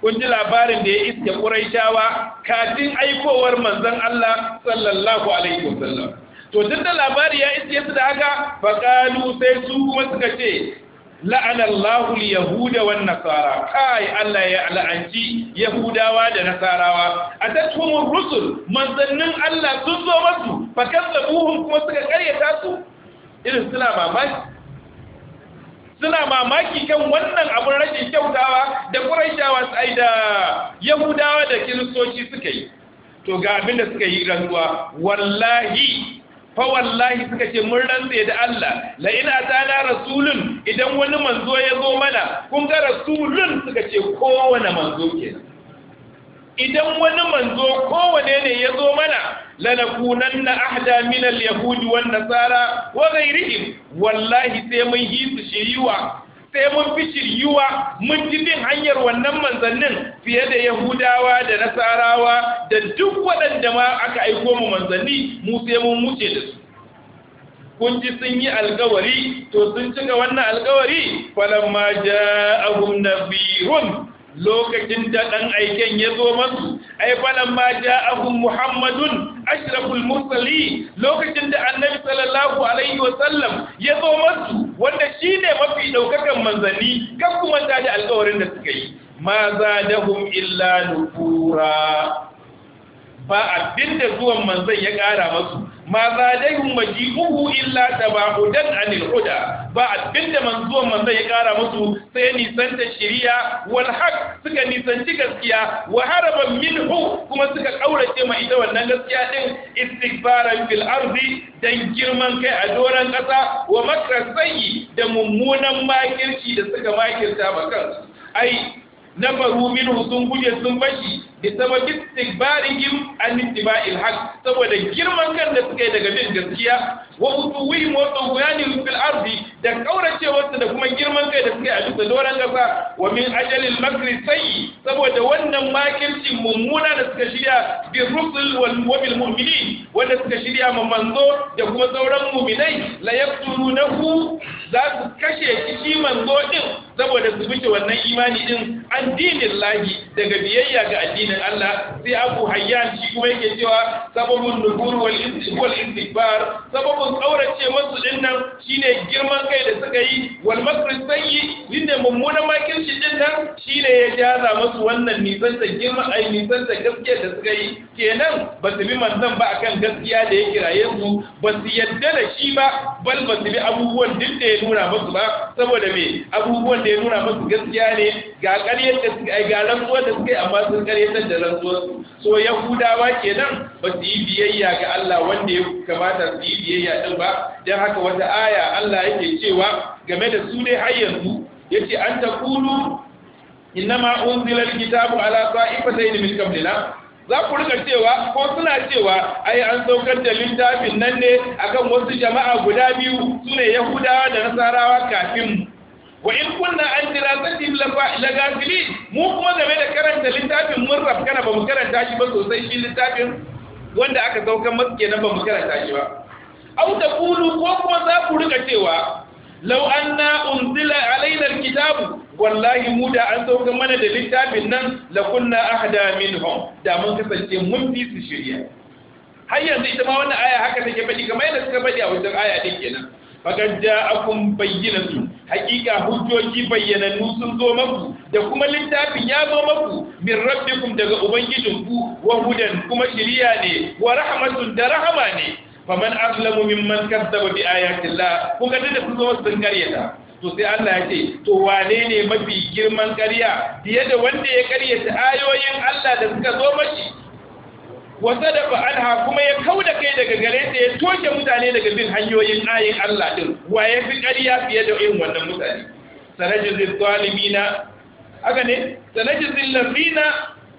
kun ji labarin da ya iske ƙuraishawa kafin aikowar manzon Allah sallallahu alaihi wasallam to duk da labari ya iske su da haka faqalu sai su kuma suka ce la'anallahu al-yahuda wan nasara kai Allah ya la'anci yahudawa da nasarawa A atatuhum rusul manzannin Allah sun zo masu fakazzabuhum kuma suka karyata su irin suna mamaki suna mamaki kan wannan abin rashin kyautawa da ƙuraishawa sai da yahudawa da kiristoci suka yi to ga abin da suka yi rantsuwa wallahi fa wallahi suka ce mun rantse da Allah la ina tana rasulun idan wani manzo ya zo mana kun ga rasulun suka ce kowane manzo kenan idan wani manzo kowane ne ya zo mana lanakunan na ahda min al-yahudi wan nasara wa ghairihim wallahi sai mun yi su shiriwa sai mun fi shiryuwa mun ji bin hanyar wannan manzannin fiye da yahudawa da nasarawa da duk waɗanda ma aka aiko mu manzanni mu sai mun wuce da su kun ji sun yi alkawari to sun cika wannan alkawari falamma ja'ahum nabirun lokacin da ɗan aiken ya zo masu ai falan ma abu muhammadun ashraful mursali lokacin da annabi sallallahu alaihi wa sallam ya zo masu wanda shi ne mafi daukakan manzanni kan kuma da alƙawarin da suka yi ma za da illa nufura ba abinda zuwan manzan ya ƙara masu ma za dai uku illa ba tabahudan anil huda ba abinda zuwan manzan ya ƙara masu. sai nisanta shiriya wal haq suka nisanci gaskiya wa haraban minhu kuma suka kaurace ma ita wannan gaskiya din istikbaran fil ardi dan girman kai a doran ƙasa wa makar da mummunan makirci da suka makirta ma kansu ai nafaru minhu sun guje sun bashi بسبب استكبارهم عن اتباع الحق saboda girman kan da suka yi daga bin gaskiya wa utuwihim motsa tughyanihim fil ardi da kauracewarsa da kuma girman kai da suka yi a bisa doron kasa wa min ajalil makri saboda wannan makirci mummuna da suka shirya bi rusul wal mu'min wanda suka shirya ma manzo da kuma sauran mu'minai la yaqtulunahu za su kashe shi manzo din saboda su buke wannan imani din addinin lahi daga biyayya ga addini addinin Allah sai Abu Hayyan shi kuma yake cewa sababun nubur wal wal istighfar sababun kaurace masu dinnan shine girman kai da suka yi wal makr sayyi inda mummunan makirci dinnan shine ya jaza masu wannan nisan da girman ai nisan da gaskiya da suka yi kenan ba su bi manzon ba akan gaskiya da ya kiraye su ba su yadda da shi ba bal ba su bi abubuwan duk da ya nuna musu ba saboda me abubuwan da ya nuna musu gaskiya ne ga ƙaryar da suka ai ga rantsuwar da suka yi amma sun ƙaryatar da rantsuwar su so yahudawa kenan ba su yi biyayya ga Allah wanda ya kamata su yi biyayya din ba dan haka wata aya Allah yake cewa game da su ne har yanzu yace an kulu إنما أنزل الكتاب على طائفتين من قبلنا za ku rika cewa ko suna cewa ai an saukar da littafin nan ne akan wasu jama'a guda biyu sune yahudawa da nasarawa kafin mu wa in kunna an dirasati la gafili mu kuma game da karanta littafin mun rafkana ba mu karanta shi ba sosai shi littafin wanda aka saukar masu kenan ba mu karanta shi ba au da kulu ko kuma za ku rika cewa law anna unzila alaina alkitab wallahi mu da an sauka mana da littafin nan la kunna ahda minhum da mun kasance mun fi su shirya har yanzu ita ma wannan aya haka take faɗi kamar yadda suka faɗi a wajen aya din kenan faqad ja'akum bayyinatu haqiqa hujjoji bayyanannu sun zo maku da kuma littafin ya zo maku min rabbikum daga ubangijinku wa hudan kuma shiriya ne wa rahmatun da rahama ne faman azlamu mimman kazzaba bi llah kun ga da kun zo sun karyata to sai Allah ya ce to wane ne mafi girman karya fiye da wanda ya karyata ayoyin Allah da suka zo mashi wa da anha kuma ya kauda kai daga gare ta ya toke mutane daga bin hanyoyin ayin Allah din wa ya fi karya fiye da irin wannan mutane sanajin zalimina haka ne sanajin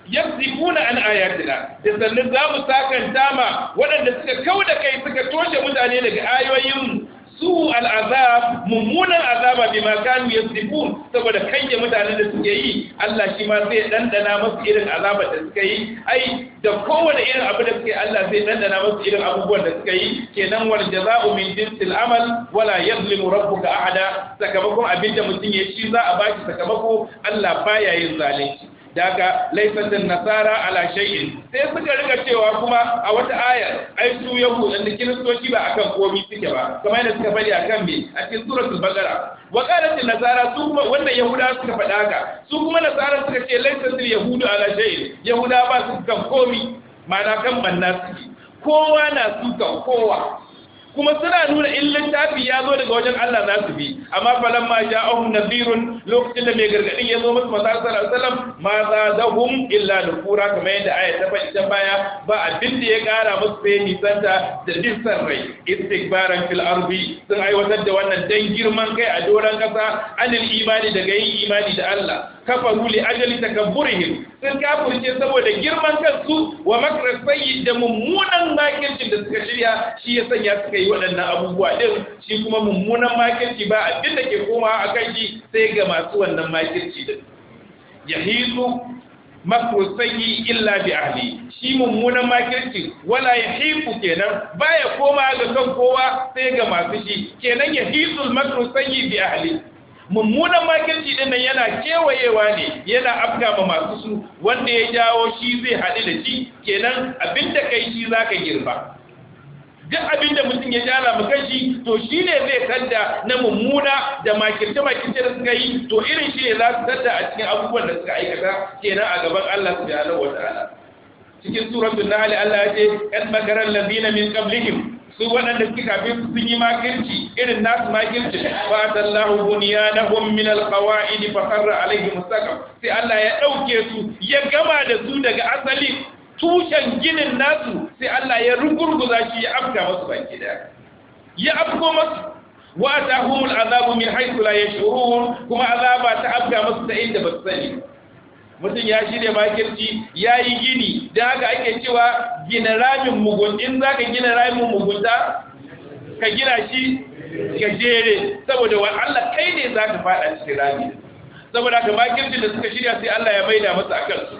yasdifuna an ayatina da sannan za mu sakanta ma waɗanda suka kauda kai suka toshe mutane daga ayoyin su al'azab mummunan azaba bi ma kanu yasdifun saboda kange mutanen da suke yi Allah shi ma zai dandana masu irin azaba da suka yi ai da kowane irin abu da suke Allah zai dandana masu irin abubuwan da suka yi kenan wal jaza'u min jinsil amal wala yazlimu rabbuka ahada sakamakon abinda mutum ya shi za a baki sakamako Allah baya yin zalunci daga laifatin nasara ala shay'in sai suka riga cewa kuma a wata aya ai su yahudan da kiristoci ba akan komi suke ba kamar yadda suka faɗi akan me a cikin suratul baqara wa qalat nasara su kuma wannan yahuda suka faɗa ka, su kuma nasara suka ce laifatin yahudu ala shay'in yahuda ba su kan komi ma'ana kan manna suke kowa na kan kowa kuma suna nuna in littafi ya zo daga wajen Allah za su bi amma falan ma ja'ahum nadhirun lokacin da mai gargadin ya zo masu maza sallallahu alaihi wasallam ma zadahum illa kamar yadda aya ta faɗi ta baya ba abin da ya kara musu sai nisanta da dissan rai istikbaran fil ardi sun aiwatar da wannan dan girman kai a doran kasa anil imani daga yin imani da Allah kafaru li ajali takabburihim sun kafirce saboda girman kansu wa makra da mummunan makircin da suka shirya shi ya sanya suka yi waɗannan abubuwa din shi kuma mummunan makirci ba abin da ke komawa a kan shi sai ga masu wannan makirci din yahizu makru sayyi illa bi ahli shi mummunan makirci wala yahiqu kenan baya koma ga kan kowa sai ga masu shi kenan yahizul makru sayyi bi ahli mummunan makirci din nan yana kewayewa ne yana afka ma masu su wanda ya jawo shi zai haɗu da shi kenan abin da kai shi za ka girba duk abinda mutum ya jala mu kashi to shi ne zai tadda na mummuna da makirce makirce da suka yi to irin shi ne za su tadda a cikin abubuwan da suka aikata kenan a gaban Allah subhanahu wa ta'ala cikin suratul nahl Allah ya ce kan makaran ladina min qablikum su waɗanda suka kafin sun yi makirci irin nasu makirci ba ta Allah bunyanahum min alqawaid fa qarra alaihim saqam sai Allah ya dauke su ya gama da su daga asali tushen ginin nasu sai Allah ya rugurguza shi ya afka masu baki da ya afko masu wa atahumul azabu min haythu la yashurun kuma azaba ta afka masu ta inda ba su sani mutum ya shirya makirci ya yi gini da haka ake cewa gina ramin mugun in za ka gina ramin mugunta ka gina shi ka jere saboda wa Allah kai ne za ka faɗa cikin rami saboda ka makirci da suka shirya sai Allah ya maida masa akan su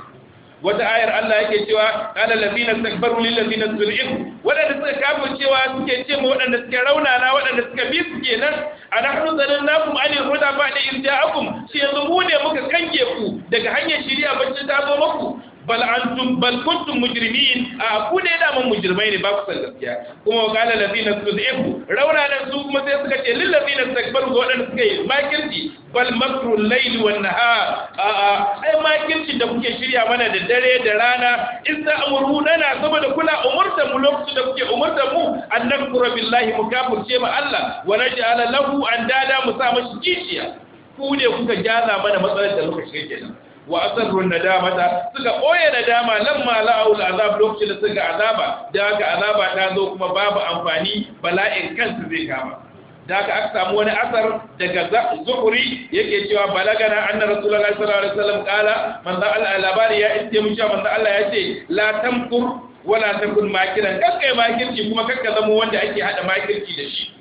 wata ayar Allah yake cewa qala allazina takbaru lil ladina zul'u waɗanda suka kafin cewa suke ce ma waɗanda suke raunana waɗanda suka bi su kenan a kuma zanannakum an huda ba da irja'akum shi yanzu mu ne muka kange ku daga hanyar a bacci ta zo muku bal antum bal kuntum mujrimin a ku ne da mun mujrimai ne ba ku san gaskiya kuma qala ladina tuzibu rauna nan su kuma sai suka ce lil ladina takbaru ga wadanda suka yi makirci bal makru layli wan nahar a a ai makirci da kuke shirya mana da dare da rana in za amuruna na saboda kula umurta mu lokacin da kuke umurta mu an nakfura billahi mu kafirce ma Allah wa naj'ala lahu andada mu sa mashi kishiya ku ne kuka jaza mana matsalar da lokacin kenan wa asarru nadamata suka boye nadama lamma aul azab lokacin da suka azaba da haka azaba ta zo kuma babu amfani bala'in kansu zai kama da haka aka samu wani asar daga zuhuri yake cewa balagana anna rasulullahi sallallahu alaihi wasallam kala da Allah labari ya iske mu cewa manzo Allah ya ce la tamkur wala takun makiran kakkai makirci kuma kakka zama wanda ake hada makirci da shi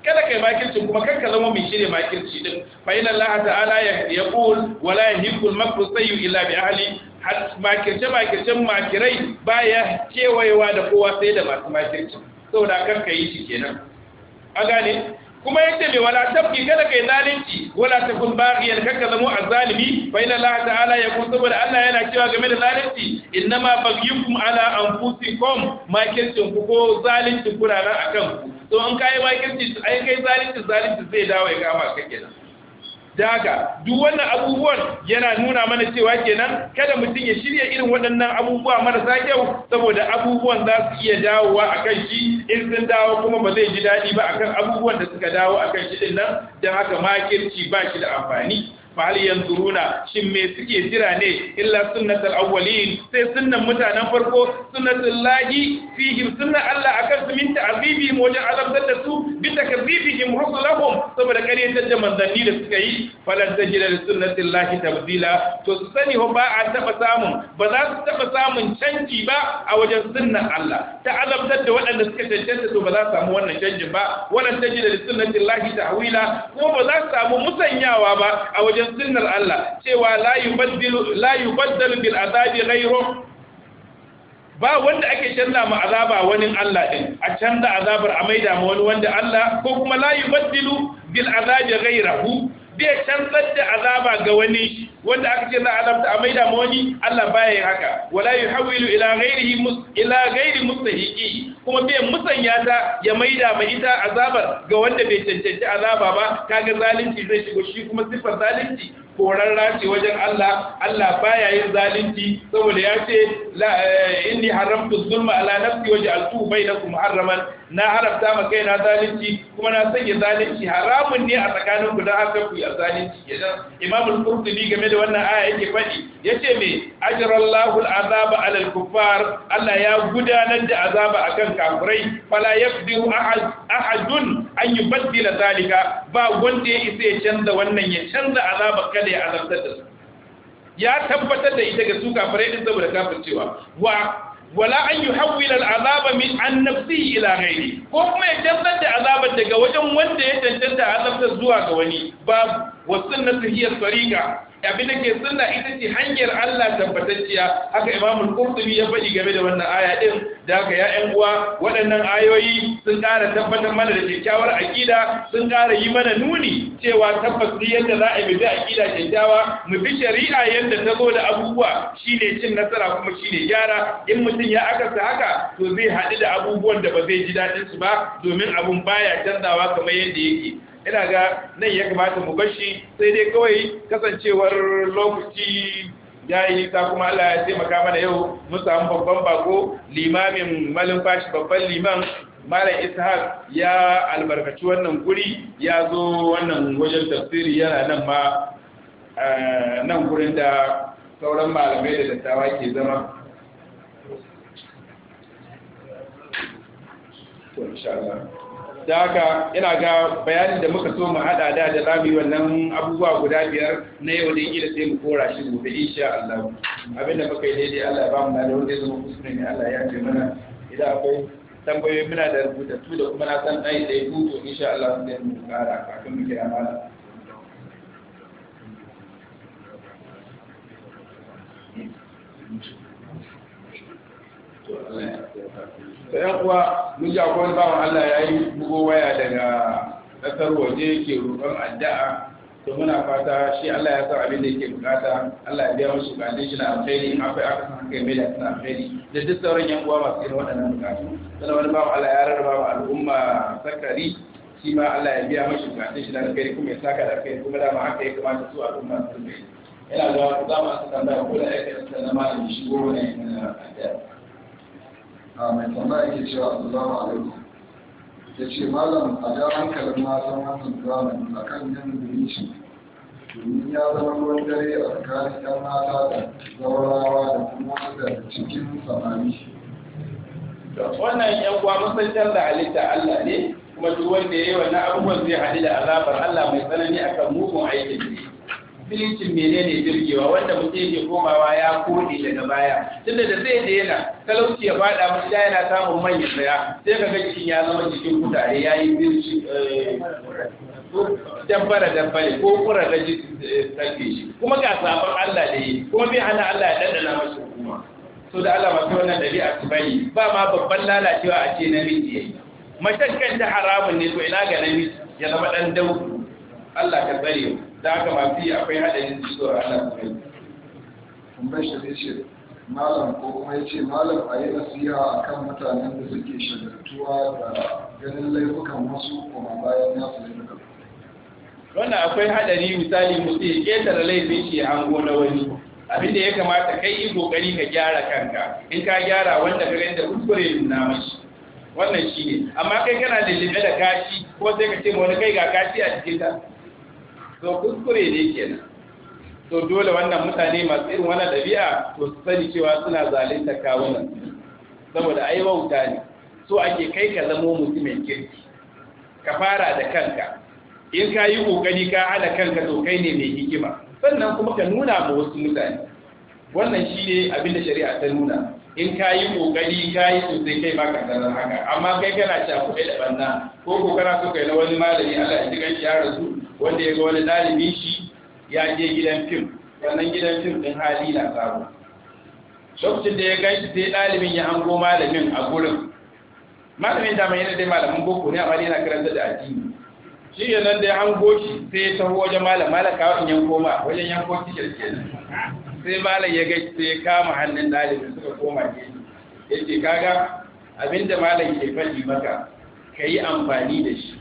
kada kai makircin kuma kanka zama mai shirye makirci din fa inna allaha ta'ala yaqul wa la al makru sayyi illa bi ahli makirce makircen makirai baya cewayewa da kowa sai da masu makirci saboda kanka yi shi kenan a gane kuma yadda mai wala tabki kada kai zalunci wala takun baghiyan kanka zama azzalimi fa inna Allah ta'ala ya kun saboda Allah yana cewa game da zalunci innama baghiyukum ala anfusikum ma ku ko zalunci kurara akan ku to an kai makirci ai kai zalunci zalunci zai dawo ya kama ka kenan daga duk wannan abubuwan yana nuna mana cewa kenan kada mutum ya shirya irin waɗannan abubuwa marasa kyau saboda abubuwan za su iya dawowa a kan shi in sun dawo kuma ba zai ji daɗi ba akan abubuwan da suka dawo a kan shi ɗin nan don haka makirci ba shi da amfani fa hal yanzuruna shin me suke jira ne illa sunnatul awwalin sai sunnan mutanen farko sunnatul lahi fihim sunnan Allah akan su min ta'zibi wajen azabtar da su bi takzibihim rusulahum saboda karyatar da manzanni da suka yi falan tajida li sunnatul lahi tabdila to su sani ho ba a taɓa samun ba za su taba samun canji ba a wajen sunnan Allah ta azabtar da waɗanda suka cancanta to ba za su samu wannan canjin ba wannan tajida li sunnatul lahi ta'wila ko ba za su samu musanyawa ba a wajen wajen sunnar Allah cewa la yubaddilu la bil azabi ghayru ba wanda ake canza ma azaba wani Allah din a canza azabar a maida ma wani wanda Allah ko kuma la yubaddilu bil azabi ghayrahu bai canzar da azaba ga wani wanda aka ce za a a maida ma wani Allah baya yin haka wala yuhawwilu ila gairi ila hiki kuma bai musanya ta ya maida ma ita azabar ga wanda bai cancanci azaba ba ga zalunci zai shigo shi kuma siffar zalunci koran rashi wajen Allah Allah baya yin zalunci saboda ya ce eh, inni haramtu zulma ala nafsi wa ja'altuhu bainakum muharraman na haramta ma kai na zalunci kuma na sanya zalunci haramun ne a tsakanin ku don haka ku a zalunci ya imam imamul qurtubi game da wannan aya yake faɗi yace me ajrallahu al'azaba azaba kufar Allah ya gudanar da azaba akan kafirai fala yaqdiru ahad ahadun an yubaddila zalika ba wanda ya isa ya canza wannan ya canza azaba kada ya azabtar da su ya tabbatar da ita ga su kafirai din saboda kafircewa wa wala an yuhawwila al'azaba min an nafsihi ila ghairi ko kuma ya tantar da azabar daga wajen wanda ya tantance azabta zuwa ga wani babu wa sunnatu hiya tariqa abin da ke sunna ita ce hanyar Allah tabbatacciya haka Imam al ya faɗi game da wannan aya din da haka ya ƴan uwa waɗannan ayoyi sun ƙara tabbatar mana da kyakkyawar aƙida, sun ƙara yi mana nuni cewa tabbas yadda za a bi aƙida kyakkyawa mu bi shari'a yadda ta zo da abubuwa shine cin nasara kuma shine gyara in mutum ya akasa haka to zai haɗu da abubuwan da ba zai ji daɗin su ba domin abun baya canzawa kamar yadda yake ina ga nan ya kamata mu bashi sai dai kawai kasancewar lokaci ya yi ta kuma Allah ya taimaka mana yau mu samu babban bako limamin malin fashi babban liman malam ishaq ya albarkaci wannan guri ya zo wannan wajen tafsiri yana nan ma eh, nan gurin da sauran malamai da dattawa ke zama to insha da haka ina ga bayanin da muka so mu hada da da zamu yi wannan abubuwa guda biyar na yau da yake sai mu kora shi gobe insha Allah da muka yi dai Allah ya ba mu da wanda zai kuskure ne Allah ya ce mana idan akwai tambayoyi muna da rubutattu da kuma na san dai dai ku to insha Allah sai mu kara kafin mu kira malam Thank you. da yan kuwa mun ji akwai bawan Allah ya yi bugo waya daga ƙasar waje ke roƙon addu'a to muna fata shi Allah ya san abin da yake bukata Allah ya biya musu bukatun shi na alkhairi in akwai aka san kai mai da san alkhairi da duk sauran yan uwa masu irin waɗannan bukatu sannan wani bawan Allah ya rarraba wa al'umma sakari shi ma Allah ya biya mashi bukatun shi na alkhairi kuma ya saka da alkhairi kuma dama haka ya kamata su al'umma su ina ga za mu asa tambaya ko da yake sanama na malami shigo ne na addu'a a ah, mai tambaya yake cewa Allahu alaikum ya ce malam a ja hankalin matan wannan zamani a kan yin shi. domin ya zama ruwan dare a tsakanin yan mata da zaurawa da kuma da cikin samari. wannan yan uwa musayyan da halitta Allah ne kuma duk wanda ya yi wannan abubuwan zai hadu da azabar Allah mai tsanani akan mugun aikin ne. filincin menene birgewa wanda mutum yake komawa ya kode daga baya tunda da zai daina talauci ya fada mu da yana samun manya tsaya sai ka ga jikin ya zama jikin kudare ya yi birci eh, dabbara dabbare ko kura da sarfe eh, shi kuma ga sabon Allah da yi kuma bai hana Allah ya dandana masa hukuma so da Allah masu wannan dabi'a su bari ba ma babban lalacewa a ce namiji yayi mashakkan da haramun ne to ina ga namiji ya zama dan dauku Allah ka tsare da aka mafi akwai haɗarin jiso a Allah kuma yi. Kumbar shi ce, Malam ko kuma ya ce, Malam a yi nasiha a kan mutanen da suke shagartuwa da ganin laifukan wasu kuma bayan ya su laifukan. Wannan akwai haɗari misali mutu ya ƙetare laifin shi hango na wani. Abin da ya kamata kai yi ƙoƙari ka gyara kanka, in ka gyara wanda ka gani da kuskure na mashi. Wannan shi ne, amma kai kana da liɓe da kashi ko sai ka ce ma wani kai ga kashi a cikin ta. so kuskure ne kenan to dole wannan mutane masu irin wannan ɗabi'a to su sani cewa suna zalunta kawunan saboda ai wauta ne so ake kai ka zamo mai kirki ka fara da kanka in ka yi kokari ka hada kanka to kai ne mai hikima sannan kuma ka nuna ma wasu mutane wannan shi ne abin da shari'a ta nuna in ka yi kokari ka yi sosai kai ba ka haka amma kai kana shafu kai da banna ko kokara kana kai na wani malami Allah ya ji ya rasu wanda ya ga wani ɗalibi shi ya je gidan fim wannan gidan fim ɗin hali na sabo lokacin da ya gan sai ɗalibin ya hango malamin a gurin malamin da mai da dai malamin boko ne amma yana karanta da addini shi ya nan da ya hango shi sai ya taho wajen malam malaka kawo in yanko ma wajen yanko shi kenan sai malam ya gaci sai ya kama hannun ɗalibin suka koma gefe ya kaga abinda malam ke faɗi maka ka yi amfani da shi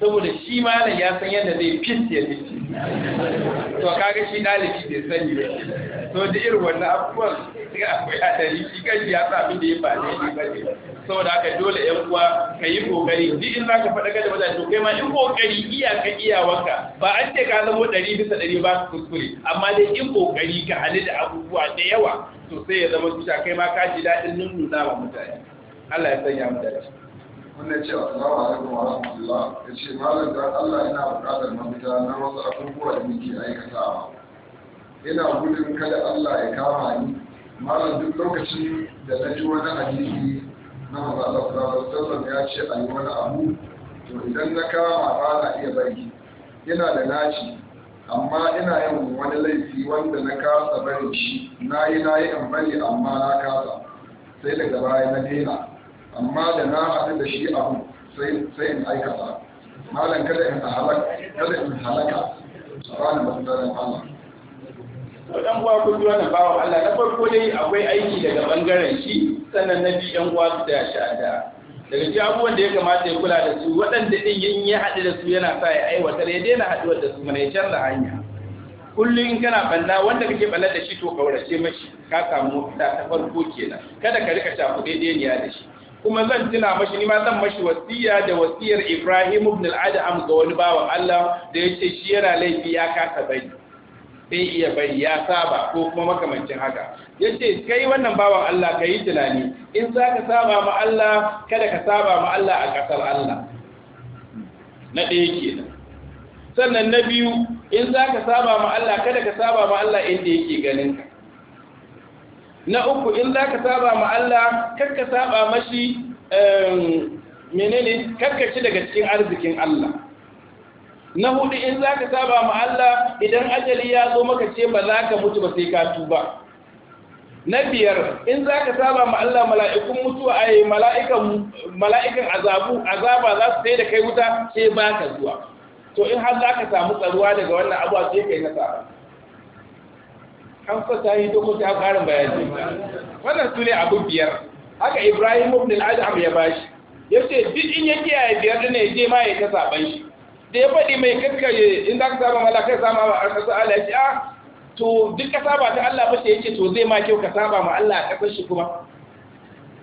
saboda shi malam ya san yadda zai fit ya fit to kaga shi dalibi bai sani ba to da irin wannan abubuwan sai akwai hadari shi kanshi ya sa abin da ya ba daidai ba ne saboda haka dole yan uwa ka yi kokari duk in zaka faɗa da mutane to kai ma in kokari iyaka iyawanka ba an ce ka zama ɗari bisa ɗari ba kuskure amma dai in kokari ka hali da abubuwa da yawa to sai ya zama tuta kai ma ka ji daɗin nunnu wa mutane Allah ya sanya mu da wannan ce assalamu alaikum wa rahmatullah ya ce malam dan Allah yana buƙatar mafita na wasu abubuwa da nake aikatawa ina gudun kada Allah ya kama ni malam duk lokacin da na ji wani hadisi na mazalar sallallahu ya ce a yi wani abu to idan na kama ba na iya bari ina da naci amma ina yin wani laifi wanda na kasa barin shi na yi na yi in bari amma na kasa sai daga baya na daina amma da na haɗu da shi abu sai in aikata malam kada in halaka kada in halaka subhanahu wa Allah Wadan dan uwa kun ji bawa Allah na farko dai akwai aiki daga bangaren shi sannan na bi yan uwa su da shada daga cikin abubuwan da ya kamata ya kula da su waɗanda ɗin yin ya haɗu da su yana sa ya aiwatar ya daina haɗuwar da su mana ya canza hanya kullum in kana banna wanda kake balla da shi to kaurace mashi ka samu mafita ta farko kenan kada ka rika shafu daidai ne da shi kuma zan tuna mashi ni ma zan mashi wasiya da wasiyar Ibrahim ibn al-Adham ga wani bawan Allah da yace shi yana laifi ya kasa bari bai iya bari ya saba ko kuma makamancin haka yace kai wannan bawan Allah kai yi tunani in za ka saba ma Allah kada ka saba ma Allah a kasar Allah na ɗaya kenan sannan na biyu in za ka saba ma Allah kada ka saba ma Allah inda yake ganin ka na uku in za ka saba ma Allah kar ka saba mashi menene daga cikin arzikin Allah na hudu in za ka saba ma Allah idan ajali ya zo maka ce ba za ka mutu ba sai ka tuba na biyar in za ka saba ma Allah mala'ikun mutuwa a yi mala'ikan azabu azaba za su sai da kai wuta sai ba ka zuwa to in har za ka samu tsaruwa daga wannan abuwa sai kai nasara kan fasa yi doko ta ƙarin bayani wannan su ne abu biyar haka ibrahim ibn al-adham ya bashi ya ce duk in ya kiyaye biyar ne ya je ma ya ta saban shi da ya faɗi mai kanka in za ka saba mala kai sama ma ƙasa Allah ya ce ah to duk ka saba ta Allah ba sai ya ce to zai ma kyau ka saba ma Allah a ƙasar shi kuma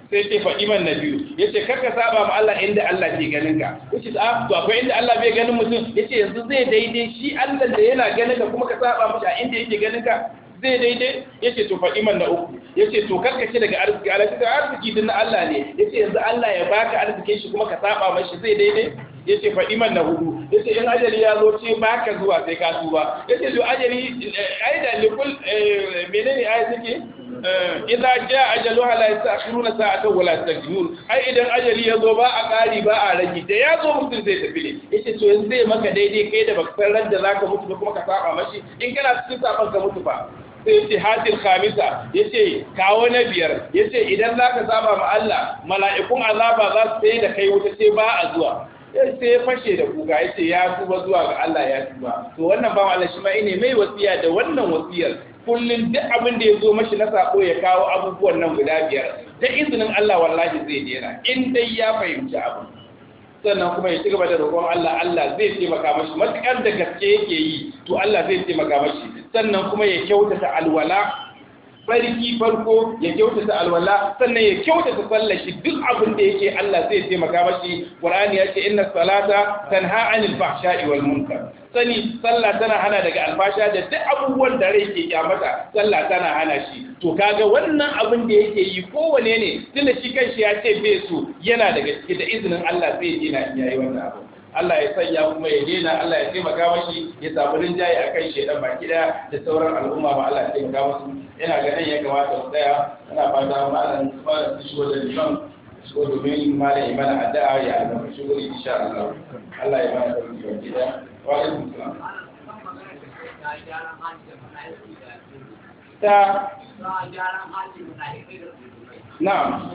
sai ce faɗi man na biyu ya ce kar ka saba ma Allah inda Allah ke ganin ka which is ah to akwai inda Allah bai ganin mutum ya ce yanzu zai daidai shi Allah da yana ganin ka kuma ka saba mashi a inda yake ganin ka zai daidai yace to faɗi man na uku yace to karkace daga arziki alaƙi arziki din na Allah ne yace yanzu Allah ya baka arzikin shi kuma ka saba mashi zai daidai yace faɗi man na hudu yace in ajali ya zo ce baka zuwa sai ka tuba yace to ajali eh, ai da likul eh, menene ai take eh, idza jaa ajaluha la yastakhiruna sa'atan wala yastaqdimun ai idan ajali ya zo ba a ƙari ba a rage da ya zo mutum zai tafi ne yace to yanzu zai maka daidai kai da baka san ran da zaka mutu kuma ka saba mashi in kana cikin saban ka mutu ba sai ce hatil khamisa yace kawo na biyar yace idan zaka zaba ma Allah mala'ikun azaba za su sai da kai wuta sai ba a zuwa sai ya fashe da kuka yace ya tuba zuwa ga Allah ya tuba to wannan ba Allah shi ma ine mai wasiya da wannan wasiyar Kullum duk abin da ya zo mashi na sako ya kawo abubuwan nan guda biyar Ta izinin Allah wallahi zai dena in dai ya fahimci abu sannan kuma ya ci da roƙon Allah Allah zai taimaka mashi matuƙar da gaske yake yi to Allah zai taimaka mashi sannan kuma ya kyautata alwala farki farko ya kyautata alwala sannan ya kyautata sallar shi duk abin da yake Allah zai taimaka mashi Qur'ani ya ce inna salata tanha anil fahsha'i wal munkar sani sallah tana hana daga alfasha da duk abubuwan da rai ke kyamata sallah tana hana shi to kaga wannan abin da yake yi kowane ne tunda shi kanshi ya ce bai so yana daga ciki da izinin Allah zai dina yi wannan abu Allah ya sanya kuma ya dena Allah ya taimaka mashi ya samu rinjaye a kan shaidan baki daya da sauran al'umma ba Allah ya taimaka masu yana ganin ya kamata mu tsaya ana fata malam malam su shigo da liman shigo domin malam ya mana addu'a ya albarka shigo da insha Allah Allah ya mana sauki wa gida wa alaikum salam ta na'am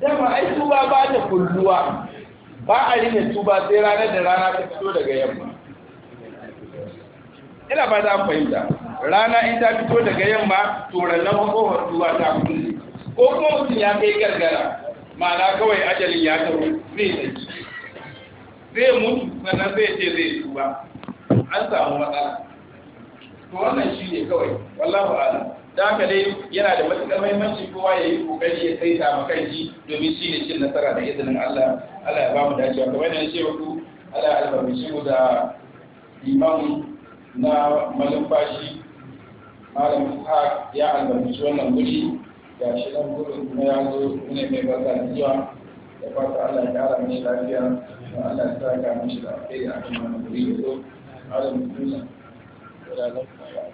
dama ai tuba ba ta kulluwa ba a yi rike ba sai ranar da rana ta fito daga yamma ina ba za fahimta rana in ta fito daga yamma turannan hukumar tuba ta kulle ko kuma mutum ya kai gargara ma'ana kawai ajalin ya taru zai tsaki zai mutu sannan zai ce zai tuba an samu matsala to wannan shi ne kawai wallahu a'lam da haka dai yana da matuƙar mahimmanci kowa ya yi kokari ya kai ta shi domin shi ne cin nasara da izinin Allah Allah ya ba mu dacewa kamar yadda ce ku Allah ya shi mu da imam na malumfashi malam ha ya shi wannan guri ga shi nan gurin kuma ya zo ne mai barka zuwa da fata Allah ya kara mai lafiya da Allah ya saka mishi da alheri a cikin wannan guri da zo malam da